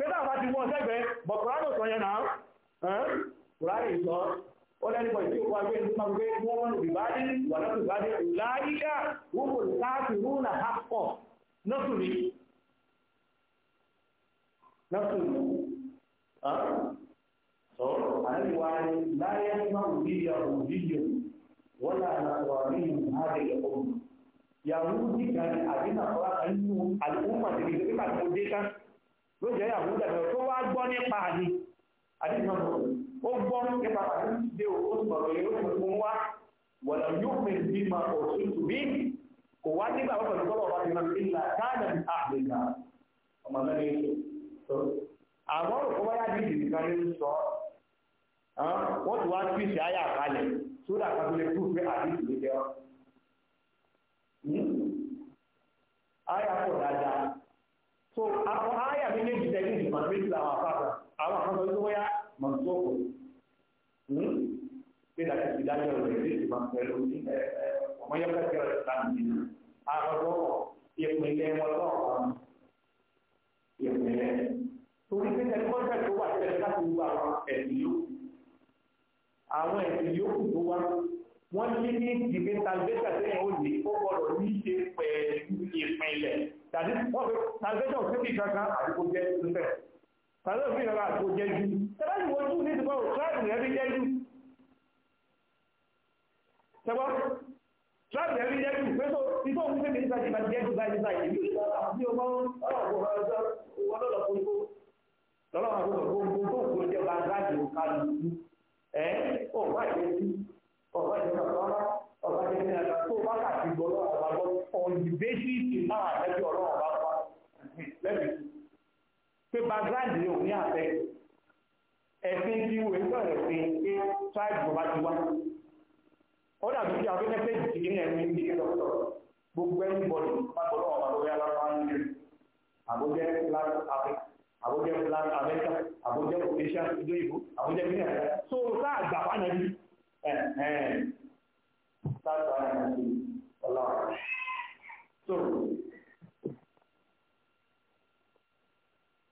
pẹ́lú àbá ti wọ́n sẹ́gbẹ̀ẹ́ bọ̀ kùránù sọ yẹn náà kùránù sọ ó lẹ́nu pọ̀ ìdíkò wa gbé nípa gbé wọ́n wọn ìbádí wà lọ́sùn ìbádí láyíká wúkò láti rúnà hápọ̀ lọ́sùn mi lọ́sùn mi sọ àlẹ́wà ni láyé nípa òbíyà òbíyà wọ́n là ń sọ àrí ìhàdì ọ̀hún yàrá ó ní kan àbí nàkọ́lá kan nínú àlùkò màtìrì tó kí ló jẹ́ ìyàwó tó wá gbọ́ nípa àdé àdéhùn ó gbọ́ nípa àdé dé o sọ̀rọ̀ yẹn ó sì wọ̀nà yóò fi bí ma kò wá nígbà wọ́n pẹ̀lú tọ́lọ̀ ìlà káàdà ní àgbègbà ọmọ mẹ́rin òkú wáyà ìdìbò sọ wọ́n ti wá sódà kábílẹ̀ kú àdéhùn so àwọn àyà mi méjì tẹ́lẹ̀ ní ìmọ̀ méjì làwọn àpáta àwọn àkọ́kọ́ tó wáyà mọ̀tòkò pé láti fi dájọ́ rẹ̀ lè ti máa pẹ̀lú ọmọ yọkẹ́kẹ́ rẹ̀ láti nínú àkọ́kọ́ ìpínlẹ̀ wọn lọ́ọ̀kan ìpínlẹ̀ torí pé tẹlifọ́ńtà tó wà tẹ́lẹ̀ láti wú àwọn ẹ̀sìn yòókù àwọn ẹ̀sìn yòókù tó wá wọ́n ní ní ìdíje translation síbì kankan àdìgbò jẹ́ ńbẹ̀ translation síbì kankan àdìgbò jẹ́ jù tẹ́lá ìwọ jù ní ìdìbò tíráàbù rẹ̀ bí jẹ́ jù tẹ́gbọ́ tíráàbù rẹ̀ bí jẹ́ jù pé tó ti tó ń fẹ́ mi jẹ́ jù báyìí báyìí ìlú ìlú àti ọmọ lọ́lọ́wọ́ àgbọ̀dọ̀ gbogbo tó kúrò jẹ́ bá gáàdì òkà lùkú ẹ̀ ọ̀wá ìrẹsì ọ̀wá ìrẹsì ọ̀wá ìrẹsì àgbà tó bẹ́ẹ̀ ni pé background yóò ní àfẹ́ ẹ̀sìn tí wo ń sọ̀rọ̀ sí pé tribe bọ̀bá ti wá ó dàbí kí àwọn mẹ́sẹ̀jì ti ní ẹ̀mí ní ìdọ́kítọ̀ gbogbo ẹni bọ̀dù bá gbọ́dọ̀ ọ̀mà lórí aláwọ̀ ní àbójẹ́ láti afẹ́ àbójẹ́ láti amẹ́ríkà àbójẹ́ asia ìjọ ìbò àbójẹ́ ní ẹ̀rẹ́ tó sáà gbà wá náà bí ẹ̀ẹ́n sáà gbà wá náà bí ọlọ́run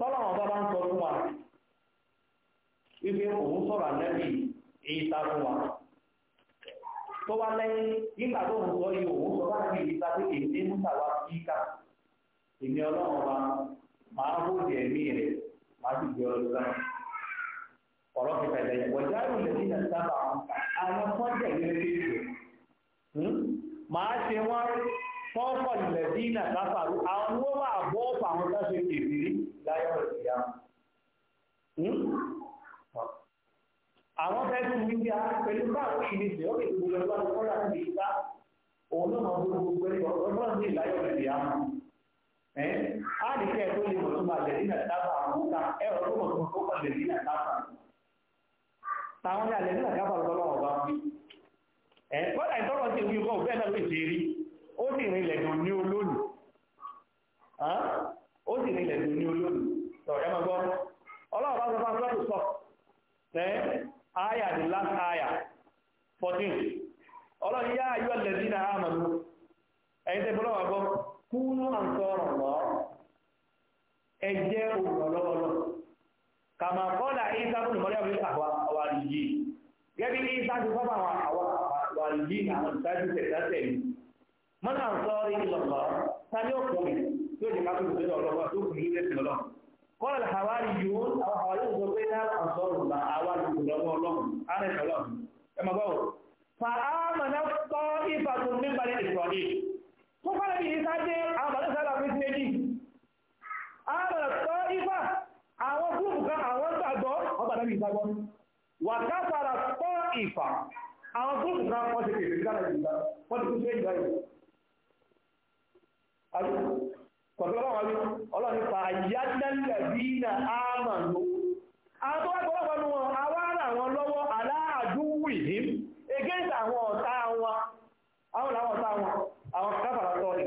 tọ́lọ́wọ́n bá bá ń sọ fún wa wípé òun sọ̀rọ̀ àlẹ́bì èyí fún wa tó wá lẹ́yìn nígbà tó ń sọ yìí òun sọ láti èyí ta pé ní múta wá èmi ọlọ́wọ́n bá máa ń bóde ẹ̀mí rẹ̀ máa sì gbé ọdún sáà ọ̀rọ̀ fi fẹ̀lẹ̀ yẹn wọ̀já ìrìnlẹ̀ nínú sábà àwọn fọ́jẹ̀ ní ẹgbẹ́ ìlú máa hmm? ṣe wọ́n fọ́ọ̀fọ̀ lẹ̀dí ìnà káfàrú àwọn ó wà bọ́ọ̀fù àwọn táṣe kèfìrí láyọ̀ ìyá hmm? àwọn fẹ́ẹ́ tún níbi pẹ̀lú báwọn ìlú ìsìn ó lè gbogbo ẹgbẹ́ wọn kọ́lá sí ìta òun náà máa gbogbo gbogbo ẹgbẹ́ ọlọ́run ní ìláyọ̀ ìyá ẹ̀ á ní kẹ́ ẹ tó lè mọ̀ tó máa lẹ̀dí ìnà káfà àwọn ká ẹ ọ̀ tó mọ̀ tó fọ́ọ̀fọ̀ lẹ̀dí ìnà káfà táwọn ní alẹ́ nígbà káfà lọ́wọ́ ọ̀gá ẹ̀ kọ́lá ìtọ́rọ̀ ti wí kọ́ bẹ́ẹ̀ náà lè ṣe ó sì rìn lẹ̀dùn ní olóòlù ó sì rìn lẹ̀dùn ní olóòlù tọ̀ ẹ máa sọ fún akọ́lọ́tù sọ ṣe àyà the last àyà 14 ọlọ́run yá ayọ́ lẹ́bí náà àmàlú ẹ̀yìn tẹ́ bọ́lọ́wà gbọ́ kúnú àǹtọ́rọ̀ lọ ẹ jẹ́ olùrànlọ́wọ́lọ́ kàmà kọ́lá ìsá fún ìmọ̀lẹ́ àwọn àwọn àwàrí àwọn àwọn mọ́nà sọ́ọ́rí ìlọ̀lọ́ tani ó kùn tí ó di ká tóbi lórí ọlọ́wọ́ tó kùn yílé sí lọ́lọ́ kọ́lá àwárí yóò àwọn àwárí òṣèlú pé náà àṣọ́rù bá àwárí ìlọ́wọ́ ọlọ́run àrẹ̀ ọlọ́run ẹ máa bọ́ọ̀ fàámà náà tọ́ ìfàtún ní balẹ̀ ìsọ̀rí tó kọ́lá bí ìsá dé àwọn bàtà sábà fi ṣe ní àmà tọ́ ìfà àwọn gúrùpù kan àwọn gbàgbọ́ ọgbà náà ìgbàgbọ́ wà káfàrà tọ́ ìfà àwọn gúrùpù kan wọ́n ti kèfèrí àbí kọ̀tí ọlọ́run àbí ọlọ́run nípa àyádẹ́lẹ̀ bí na áàmà ló àwọn tó wá gbọ́dọ̀ nù wọn àwa ara wọn lọ́wọ́ aláàdúwì ní against àwọn ọ̀tá wọn àwọn làwọn ọ̀tá wọn àwọn káfàrà sọ́ọ̀lì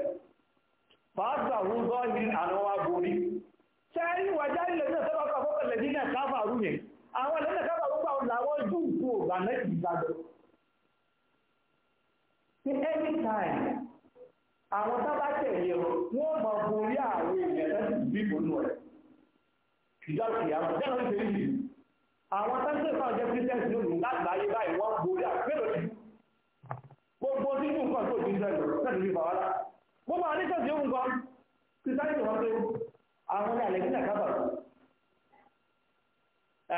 fàásà òun gọ́ọ̀lì àwọn aborí sẹ́yìn wàjá ilẹ̀ náà sọ́dọ̀ ọkọ̀ àkọ́kọ̀lẹ̀ nínú káfàrú yẹn àwọn ilẹ̀ náà káfàrú gbà làwọn ojú ìkú ògbà náà ti gbàgbọ́ àwọn tábà tẹ̀lé ọ wọ́n àwọn èèyàn láti bí rẹ̀ àwọn yìí àwọn christians láti láyé báyìí wọ́n gbogbo tí mú nǹkan tó ti ń sẹ́yìn lọ sẹ́yìn ìfà wálá gbogbo àwọn oníṣẹ́sì ó ń gan christianity wọn pé àwọn ní alexander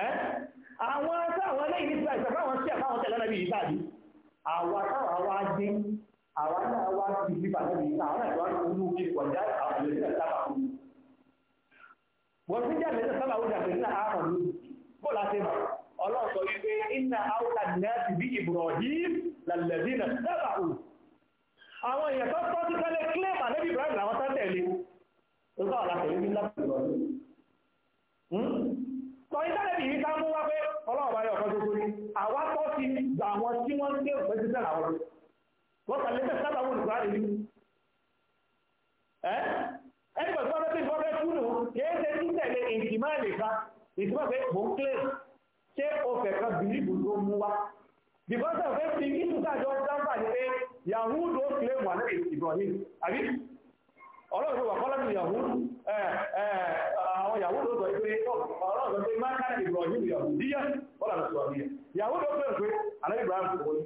ẹ́ àwọn ní sí àwọn náà wá sí ibi bàtẹ́ mi náà àwọn náà wá sí inú kí wọ̀já àwọn ìlú náà sábà wù. wọ́n ti jáde náà sábà wù jàpé náà àwọn ìlú bó láti mọ̀ ọlọ́run sọ wípé iná áwùlà náà ti bí Ibrahim làlẹ́bí náà sábà wù. àwọn èèyàn tó tọ́ sí tẹ́lẹ̀ claim àlẹ́bí Ibrahim làwọn tán tẹ̀lé ó bá ọ̀la tẹ̀lé ní láti lọ sí. Hmm? sọ ìtàlẹ́bí yìí ká mú wá pé ọlọ́run bá yọ ọ̀kan tó wọ́n kà lẹ́sẹ̀ sábà wọ́n ìgbà rẹ̀ nínú ẹ́ ẹni pẹ̀lú ọ̀rẹ́ tí ìfọ́fẹ́ túnú kìí ṣe títẹ̀lé ìtìmá ìlẹ̀ka ìtìmá pé mò ń kílẹ̀ ṣé o fẹ́ kan bìlíbù tó mú wa because of it fi ìtú sáàjọ dáńbà ní pé yahudu ó kílẹ̀ wà ní Ibrahim àbí ọlọ́run tó wà kọ́lá ní yahudu àwọn yahudu ó sọ pé oh, ọlọ́run sọ pé má Ibrahim yahudiya kọ́lá ní sọ̀rọ̀ yẹn yahudu ó fẹ́ pé alẹ́ Ibrahim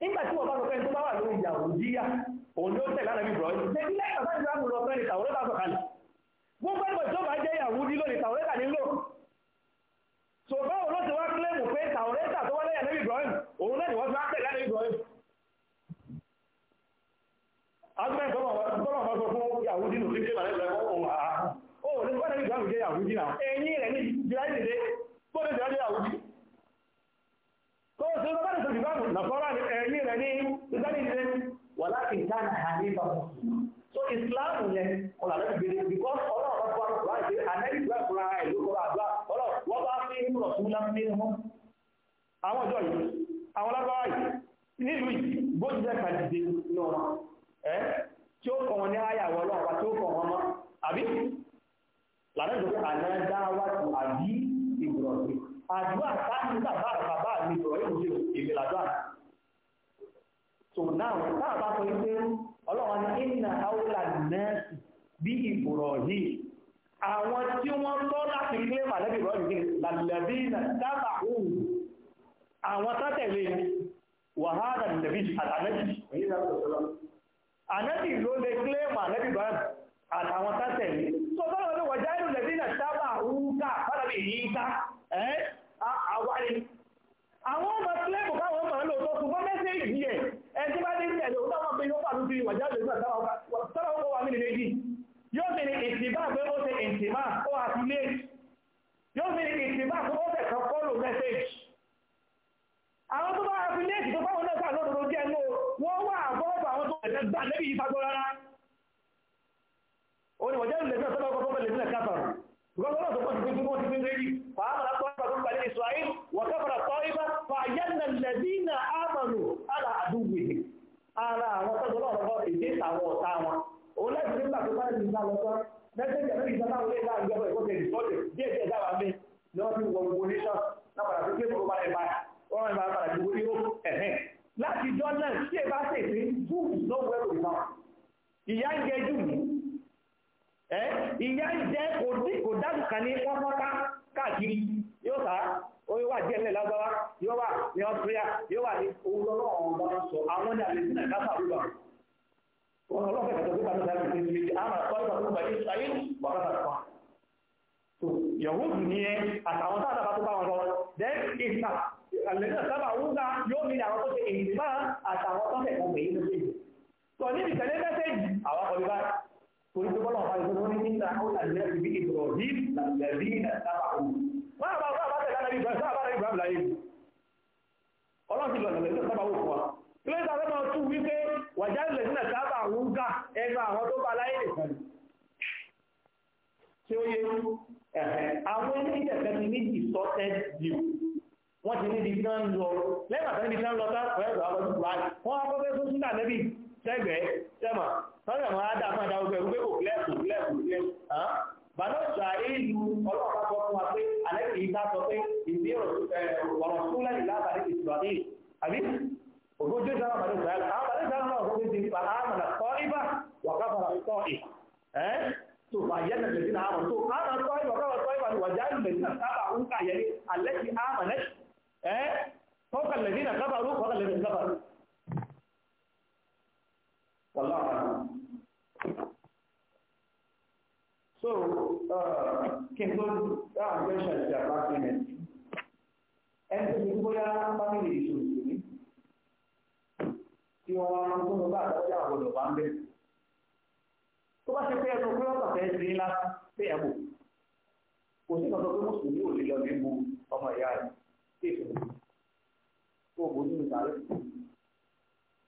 nígbà tí wọ́n bá lọ́pẹ́ tó bá wà lórí ìyàwó díyà òun ni ó tẹ̀lé àrẹ́bí bọ̀ ẹ́ ṣe ilé ìgbà tí wọ́n lọ fẹ́ni tàwọn lọ́ta sọ̀kalẹ̀ gbogbo ẹgbẹ́ tó bá jẹ́ ìyàwó dí lónìí tàwọn lẹ́ta nílò so báwo ló ti wá kílẹ̀mù pé tàwọn lẹ́ta tó wá lẹ́yìn àrẹ́bí bọ̀ ẹ́ òun náà ni wọ́n ti wá tẹ̀lé àrẹ́bí bọ̀ ẹ́ agbẹ́ tọ́lọ̀ bá sọ fún ìyàwó dí lórí ìgbà lẹ́gbẹ̀ẹ́ òun àá ó lè gbọ́dọ̀ ìgbà tó sọ̀rọ̀ ìbámu rẹ̀ ní ìdáni ìdílé wà láti so islam yẹn ọ̀là lẹ́nu gbèrè because ọlọ́run bá wà àìsí anẹ́bí ìgbà ìfúnra ìlú kọ́ra àdúrà ọlọ́run wọ́n bá fi ń rọ̀ fún lámì nínú àwọn ìjọ yìí àwọn lágbára yìí nílùú yìí bójú jẹ́ tí ó kọ̀ wọn ní àyà wọn lọ́wọ́ tí ó wọn mọ́ àbí àdúrà táàkì bàbá bàbá mi sọ̀rọ̀ yóò ṣe èmi làdúrà so now táàbá sọ pé ọlọ́wọ́n ní ìnà àwòlà nẹ́ẹ̀sì bí ìbòrọ̀ yìí àwọn tí wọ́n tọ́ láti ilé màlẹ́bí ìbòrọ̀ yìí làlẹ́bí ìnà dábà òun àwọn tátẹ̀lé wàhálà nẹ̀bí àtàlẹ́bí ànẹ́bí ló lè kílé màlẹ́bí ìbòrọ̀ àtàwọn tátẹ̀lé so tọ́lọ́wọ́n ní wọ̀já ìlú lẹ́bí ìnà dábà òun ká àwárí àwọn ọmọ sílẹ̀kù káwọn ọmọ lò tó fún mẹ́sẹ̀jì ẹ̀ ẹtí bá dé tẹ̀lé òun táwọn ọmọ pàdú sí wàjáde sí àtàwọn ọmọ wà nílé méjì yóò fi ní ìtìbá pé ó ṣe ìtìmá ó àti lé yóò fi ní ìtìbá pé ó tẹ̀kọ́ kọ́lù mẹ́sẹ̀jì àwọn tó bá fi lé ìtìbá pàwọn náà sà lọ́dọ̀dọ̀ jẹ́ ẹnu wọ́n wà àbọ́ọ̀bọ̀ àwọn Gọ́gọ́rọ̀ tó kọ́tí fífún wọ́n ti fi rí, fàámàlá tọ́ọ̀bà tó pàdé Israel, wọ̀kọ́fàrà tọ́ọ̀bà, fàyẹ́nà lẹ́dínà ámànù ara àdúgbò ara àwọn tọ́jọ́lọ́ ọ̀rọ̀ èdè àwọn ọ̀tá wọn. Òun láti rí nígbà tó bá ní ìgbà lọ́tọ́, mẹ́sẹ̀jì àti ìjọba àwọn ilé ìgbàgbọ́ ẹ̀kọ́ tẹ̀ ìsọ́jẹ̀ díẹ̀ díẹ̀ dáwà mí ni wọ́n fi wọ gbogbo nation lápàdà tó kéwòn ọba ẹ̀bá wọn ẹ̀bá padà gbogbo yóò ẹ̀hẹ́. Láti jọ náà tí ẹ bá ṣèṣe, Júù náà wẹ́rù ìbá. Ìyá ń jẹ Júù ìyá ìjẹ́ kò dí kò dájú kan ní wọ́n fọ́ká káàkiri yóò sá orí wà díẹ̀ lẹ́ lágbára yóò wà ní Austria yóò wà ní owó lọ́wọ́ àwọn ọmọ bá sọ àwọn ní àlejò náà káfà rúbà wọn ọlọ́fẹ́ kàtó pípa tó dájú ní méjì àmà kọ́ńtà tó bá yín sáyé wà káfà pa. tó Yahudu ní ẹ àtàwọn tá àtàbà tó bá wọn lọ then ìsà àlejò sábà wúgà yóò ní àwọn tó ṣe ìsà àtàwọn tó fẹ̀ kọ́ torí pé bọ́lá ọ̀pá ìṣòro ní níta ó là ní ẹ̀rí Ibrahim lẹ́bí ní ẹ̀sáàbù wọ́n àbá ọ̀pá àbá tẹ̀lé àbí ìbẹ̀rẹ̀ sábà rẹ̀ ìbẹ̀rẹ̀ láyé ọlọ́run ti lọ lọ́lẹ̀ tó sábà wò fún wa ilé ìta lọ́mọ tún wípé wàjá ilẹ̀ ní ẹ̀sáàbà ń gà ẹgbẹ́ àwọn tó bá láyé nìkan tí ó yẹ di wọ́n ti ní ibi tí wọ́n ń lọ lẹ́yìn àtẹ́ni ibi sẹ́gbẹ̀ẹ́ sẹ́mọ̀ sọ́dọ̀ mọ́ ádá máa dá ogun ẹgbẹ́ òkú lẹ́kù lẹ́kù lẹ́kù bàbá ìṣà ìlú ọlọ́pàá sọ fún wa pé alẹ́kì ìta sọ pé ìdí ọ̀rọ̀ súnlẹ̀ ìlàbàdì ìṣòwàdì àbí ògbójú sáwọn bàbá ìṣà àwọn bàbá ìṣà náà fún mi ti ní bàbá àmàlà sọ ibà wàkà fara sọ ì ẹ́ tó bá yẹ nàìjíríà sí náà àwọn tó àmà sọ ibà wàkà sọ ibà wàjá ìlú sábà ń kà yẹ alẹ́kì àmàlẹ́ ẹ́ fọ́kànlẹ̀ Wallah alam. So, uh, kí n tó dáhùn question ti àbá sí ẹ̀. Ẹni tí ó bóyá family issues ní tí wọ́n wá ń tún bá àtọ́jú àwọn ọ̀dọ̀ bá ń bẹ̀. Tó bá ṣe pé ẹnu pé wọ́n kàfẹ́ sí ńlá sí ẹ̀bù. Kò sí ìkàtọ̀ pé Mùsùlùmí ò lè lọ nínú ọmọ ìyá rẹ̀ sí ìṣòro. Tó o bójú mi sáré.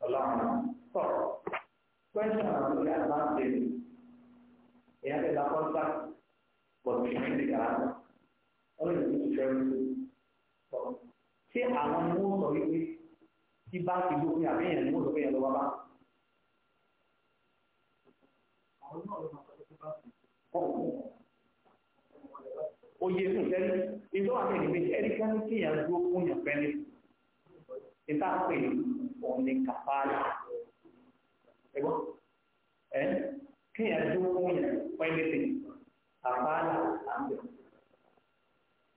Tolong. So, question of the advantage. Yang kita kontak berpikir di kanan. Oleh itu, saya ṣé àwọn ni wọ́n sọ wípé tí bá ti gbófin àbẹ́yẹn ni wọ́n sọ pé yẹn lọ wá bá. Oye fún ìṣẹ́rí, ìjọba àti ìdìbò ìṣẹ́rí ká ní kéèyàn dúró fún yàn fẹ́ nípa. Kita ìta pè òun ni kàfàlà ẹ̀gbọ́n ẹ kéèyàn dúró yẹn pẹ́ẹ́lẹ́tẹ̀ kàfàlà àbẹ̀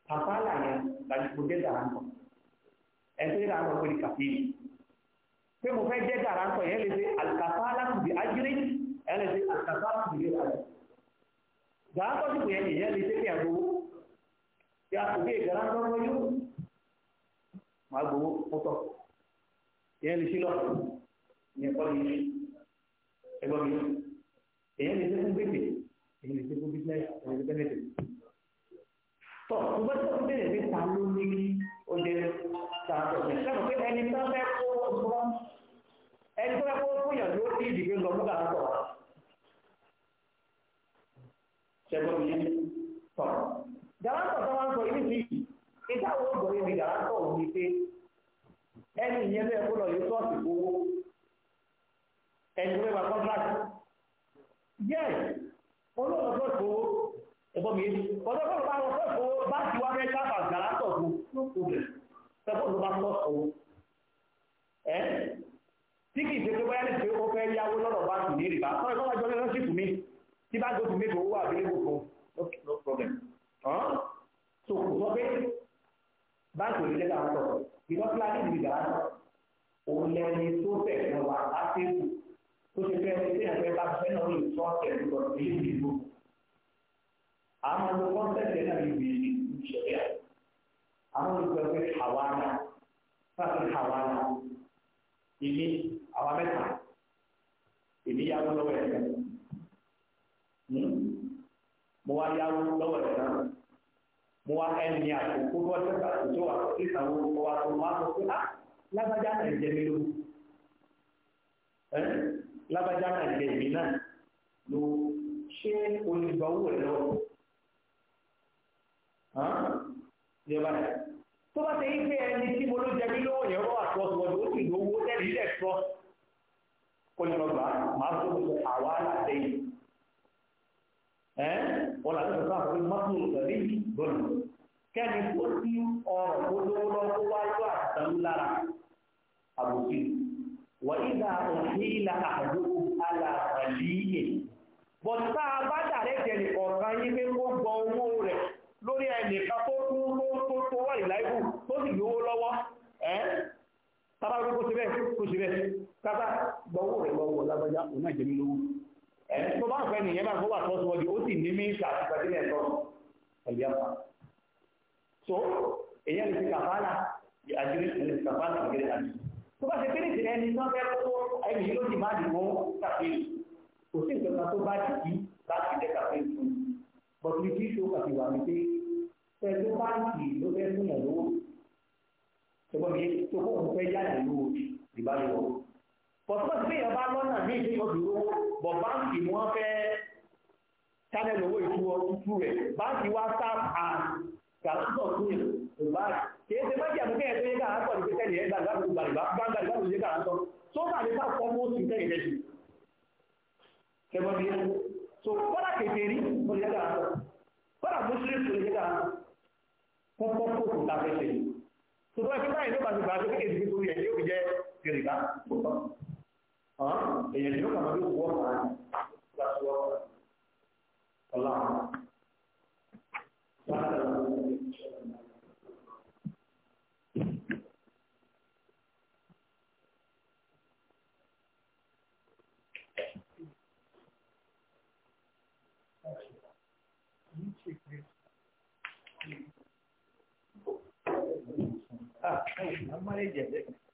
kàfàlà yẹn làdìpọ̀ jẹ́ dàrántọ̀ ẹ̀sẹ̀ dàrántọ̀ pé kàfíìlì pé mo fẹ́ jẹ́ dàrántọ̀ yẹn lè ṣe àlùkàfàlà kù bí ájírí yẹn lè ṣe àlùkàfàlà kù bí ájírí dàrántọ̀ sì kù yẹn ìyẹn lè ṣe kí àgbo yà kò bí ìgbàlántọ̀ lọ́yún màá gbowó mọ́tọ̀ èèyàn lè sílọ̀ ìyẹn kọ́ ni ẹgbọ́n mi èèyàn lè ṣe fún gbèsè èèyàn lè ṣe fún bísíǹnẹ́sì èèyàn lè ṣe fún bísíǹnẹ́sì. tọ́ tó bá tọ́ bẹ̀rẹ̀ pé ta ló ní kí ó jẹ ta ọ̀sẹ̀ sẹ́nu pé ẹni tó fẹ́ kó ọ̀sọ́ ẹni tó fẹ́ kó fún yàn ló ti ìdìbò lọ mú kàrà sọ̀rọ̀ ṣẹ́gbọ́n mi tọ̀. gàlántọ̀ tó wá ń sọ ilé ìdáwọ̀ obìnrin mi yàrá tọ̀ ní pé ẹni ìyẹn bẹ́ẹ̀ kó lọ yóò tọ́ọ̀sì gbowó ẹni tó bá kọ́ńtrákì yẹ olóòtú tó tó ẹ̀gbọ́n mi ọ̀dọ́ tó bá wọ́n tó tó bá ti wá bẹ́ẹ̀ sábà yàrá tọ̀ fún obìnrin tẹ́kọ̀ ló bá tọ́ sọ̀rọ̀ ẹ́ tí kì í ṣe pé bóyá ní pé ó fẹ́ yáwó lọ́dọ̀ bá sì ní ìrìbá sọ́rọ̀ tó bá jọ lọ́sí fún tí bá gbófin mi kò wà bí lè no problem. Huh? So, báńkì òní lẹ́la sọ ìlọ́sílá ní ìlú ìgbà sọ òun lẹni tó fẹ̀ fún wa á ti kù tó ṣe fẹ́ ṣe fẹ́ fẹ́ bá fẹ́ náà lè sọ ẹ̀rù lọ ilé ìdìbò àwọn ọmọ kọ́ńtẹ́ẹ̀tì náà yìí bèèrè ìṣẹ̀lẹ̀ àwọn olùgbẹ́fẹ́ hàwánà fáfi hàwánà ìní àwọn mẹ́ta ìní yàwó lọ́wọ́ ẹ̀ka mo wá yàwó lọ́wọ́ ẹ̀ka mo wá ẹni àkókò bọ́ tẹ́tà tó tó wà sí àwọn olùkọ́ wa tó máa sọ pé á ah, lágbájá náà jẹ mí lówó lágbájá náà jẹ mí náà ló ṣé olùgbàwó rẹ lọ yẹba yẹn tó bá ṣe yí pé ẹni tí mo ló jẹ mí lówó yẹn wọ́n àtúwọ́sowọ́dù ó sì lówó tẹ́lẹ̀ ilẹ̀ tọ́ kó ní máa tó àwa láti ẹ̀yìn. Eh? wọ́n làbẹ́ sọ sáà pé mọ́tò ìgbàlẹ́ yìí gbọ́nà kẹ́ni tó ti ọ̀rọ̀ tó lówó lọ́wọ́ tó wáyé àtàlú lára àbòsí wà nígbà òṣè ìlà àdókò alàbàlíyè bọ̀tá bá dàrẹ́ jẹ̀lì kọ̀ọ̀kan yín pé kó gbọ́ owó rẹ̀ lórí ẹnìkan tó kú tó tó wà ìláìbù tó sì lówó lọ́wọ́ eh? tábàgbé kó ṣe bẹ́ẹ̀ kó ṣe bẹ́ẹ̀ kápá gbọ́ rẹ̀ lọ́wọ́ lágbájá òun náà jẹ́ mi lówó ẹni tó bá ń fẹ́ nìyẹn bá ń fọwọ́ àtọ́síwọ́dì ó sì ní míísà àti pẹ̀lú ẹ̀tọ́ pẹ̀lú ẹ̀fà so èyí ẹni ti kàfàlà àjírí ẹni ti kàfàlà àjírí àjírí tó bá ṣe pé ní ìdílé ẹni tó fẹ́ tó ẹni yìí ló ti má dìbò kàfé kò sí ìjọba tó bá dìbí bá ti jẹ kàfé fún bọ́ ti fi ṣó kàfé wà ní pé pẹ̀lú báńkì ló fẹ́ fún ẹ̀ lówó ṣùgbọ́n mi tó kó pọ̀tọ́ sí èèyàn bá lọ́nà ní ìdí òdòdó bọ̀ báńkì ni wọ́n fẹ́ channel owó ìtúwọ́ tútù rẹ̀ báńkì wá staff and gàlántọ̀ tó yẹ ìbá kìí ṣe májì àmì kẹ́yẹ̀ tó yẹ gàlántọ̀ ní pẹ́tẹ́lì ẹ̀ gàlántọ̀ gbàgbà gbàgbà gbàgbà yẹ gàlántọ̀ tó bá lè bá fọ́ mọ́ sí kẹ́yẹ̀ rẹ̀ jù kẹ́gbọ́n bí so kọ́dà kẹfẹ́ rí ó lè gàlántọ̀ kọ́dà mùsùlùmí tó lè gàlántọ̀ kọ́kọ́ kó kò ta fẹ́ ṣe tó bá fi báyìí ló bá ti gbà èèyàn yóò kà máa yóò wọ́ ọ̀rọ̀ àti láti wọ́ ọ̀rọ̀ ọ̀la Ah, não, não, não, não, não, não, não,